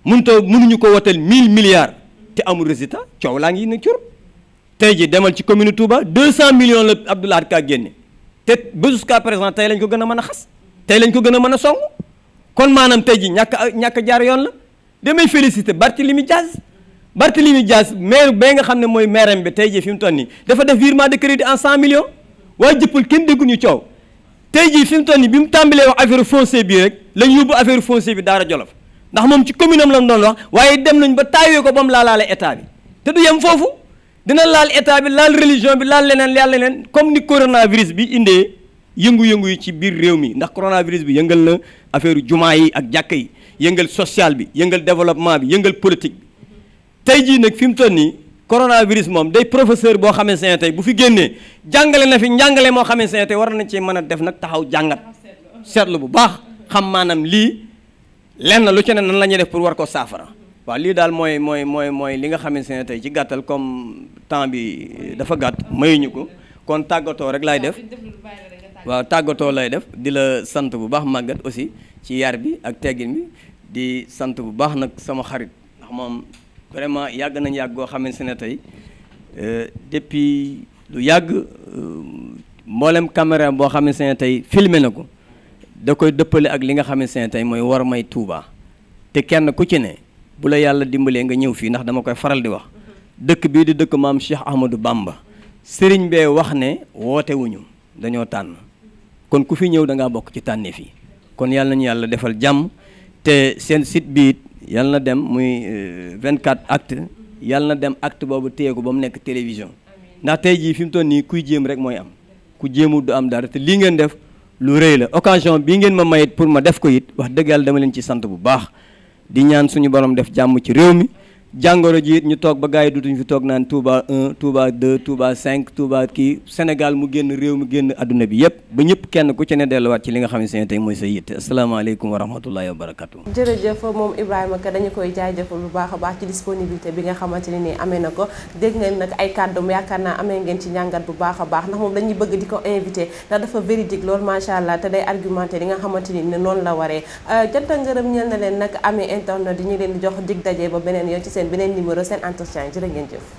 mun a mënuñu ko wotal 1000 milliards te amul résultat coow laa ngi ne cur. tey ji demal ci commune Touba 200 millions la Abdou Lahad Ka génne te ba jusqu'à présent tey lañ ko gën a mën a xas tey lañ ko gën a mën a song kon maanaam tey ji ñàkk ñàkk jaar yoon la damay félicité Barthélemy li Barthélemy Diaz maire ba nga xam ne mooy maire am bi tey ji fi mu toll nii dafa def virement de crédit en cent millions waaye jëppal kenn dégguñu coow tey jii fi mu nii bi mu tàmbalee wax affaire foncier bi rek lañ yóbbu affaire foncier bi Daara Jolof ndax moom ci commune am lañ doon wax waaye dem nañ ba taayoo ko ba mu laalaale état te du yem foofu dina laal état bi laal religion bi laal leneen laal leneen comme ni coronavirus bi indee yëngu-yëngu yi ci biir réew mi ndax coronavirus bi yëngal na affaire jumaa yi ak jàkka yi yëngal social bi yëngal développement bi yëngal politique bi tey jii nag fi mu toll nii coronavirus moom day professeur boo xamante ne tey bu fi génnee jàngale na fi njàngale moo xamante ne tey war nañ cee mën a def nag taxaw jàngat seetlu bu baax xam maanaam lii lenn lu ci ne nan la ñuy def pour war ko saafara waaw lii daal mooy mooy mooy mooy li nga xamante ne tey ci gàttal comme temps bi dafa gàtt mayuñu ko kon tàggatoo rek laay def waaw tàggatoo lay def di la sant bu baax màggat aussi ci yar bi ak teggin bi di sant bu baax nag sama xarit ndax moom vraiment yàgg nañ yàgg goo xamante ne tey euh, depuis lu yàgg euh, mboolem caméra boo xamante ne tey filmé na ko da koy dëppale ak li nga xamante ne tey mooy war may Touba te kenn ku ci ne bu la yàlla dimbalee nga ñëw fii ndax dama koy faral di wax dëkk bii di dëkk maam Cheikh Ahmadou bàmba sëriñ bee wax ne wootewuñu dañoo tànn kon ku fi ñëw da ngaa bokk ci tànnee fii kon yàlla ñu yàlla defal jàmm te seen sit bi it yàlla na dem muy 24 euh, actu yàlla na dem acte boobu téye ko ba mu nekk télévision ndax tey jii fi mu toll nii kuy jéem rek mooy am ku jéemul du am dara te lii ngeen def lu rëy la occasion bii ngeen ma mayit pour ma def ko it wax dëgg yàlla dama leen ci sant bu baax. di ñaan suñu borom def jàmm ci réew mi jàngoro ji ñu toog ba gars yi dutuñ fi toog naan Touba 1 Touba 2 Touba 5 Touba kii Sénégal mu génn réew mu génn adduna bi yëpp ba ñëpp kenn ku ci ne delluwaat ci li nga xam ne tey mooy sa yitte asalaamaaleykum wa rahmatullahi wa barakatu moom Ibrahima Ka dañu koy jaajëfal bu baax a baax ci disponibilité bi nga xamante ne nii amee na ko dégg ngeen nag ay kàddoom yaakaar naa amee ngeen ci njàngat bu baax a baax ndax moom dañuy bëgg di ko invité ndax dafa véridique loolu macha allah te day argumenté li nga xamante ni ne noonu la waree euh, janta ngërëm ñeel na leen nag amee internet di ñu seen beneen numéro seen entretien jërë ngeen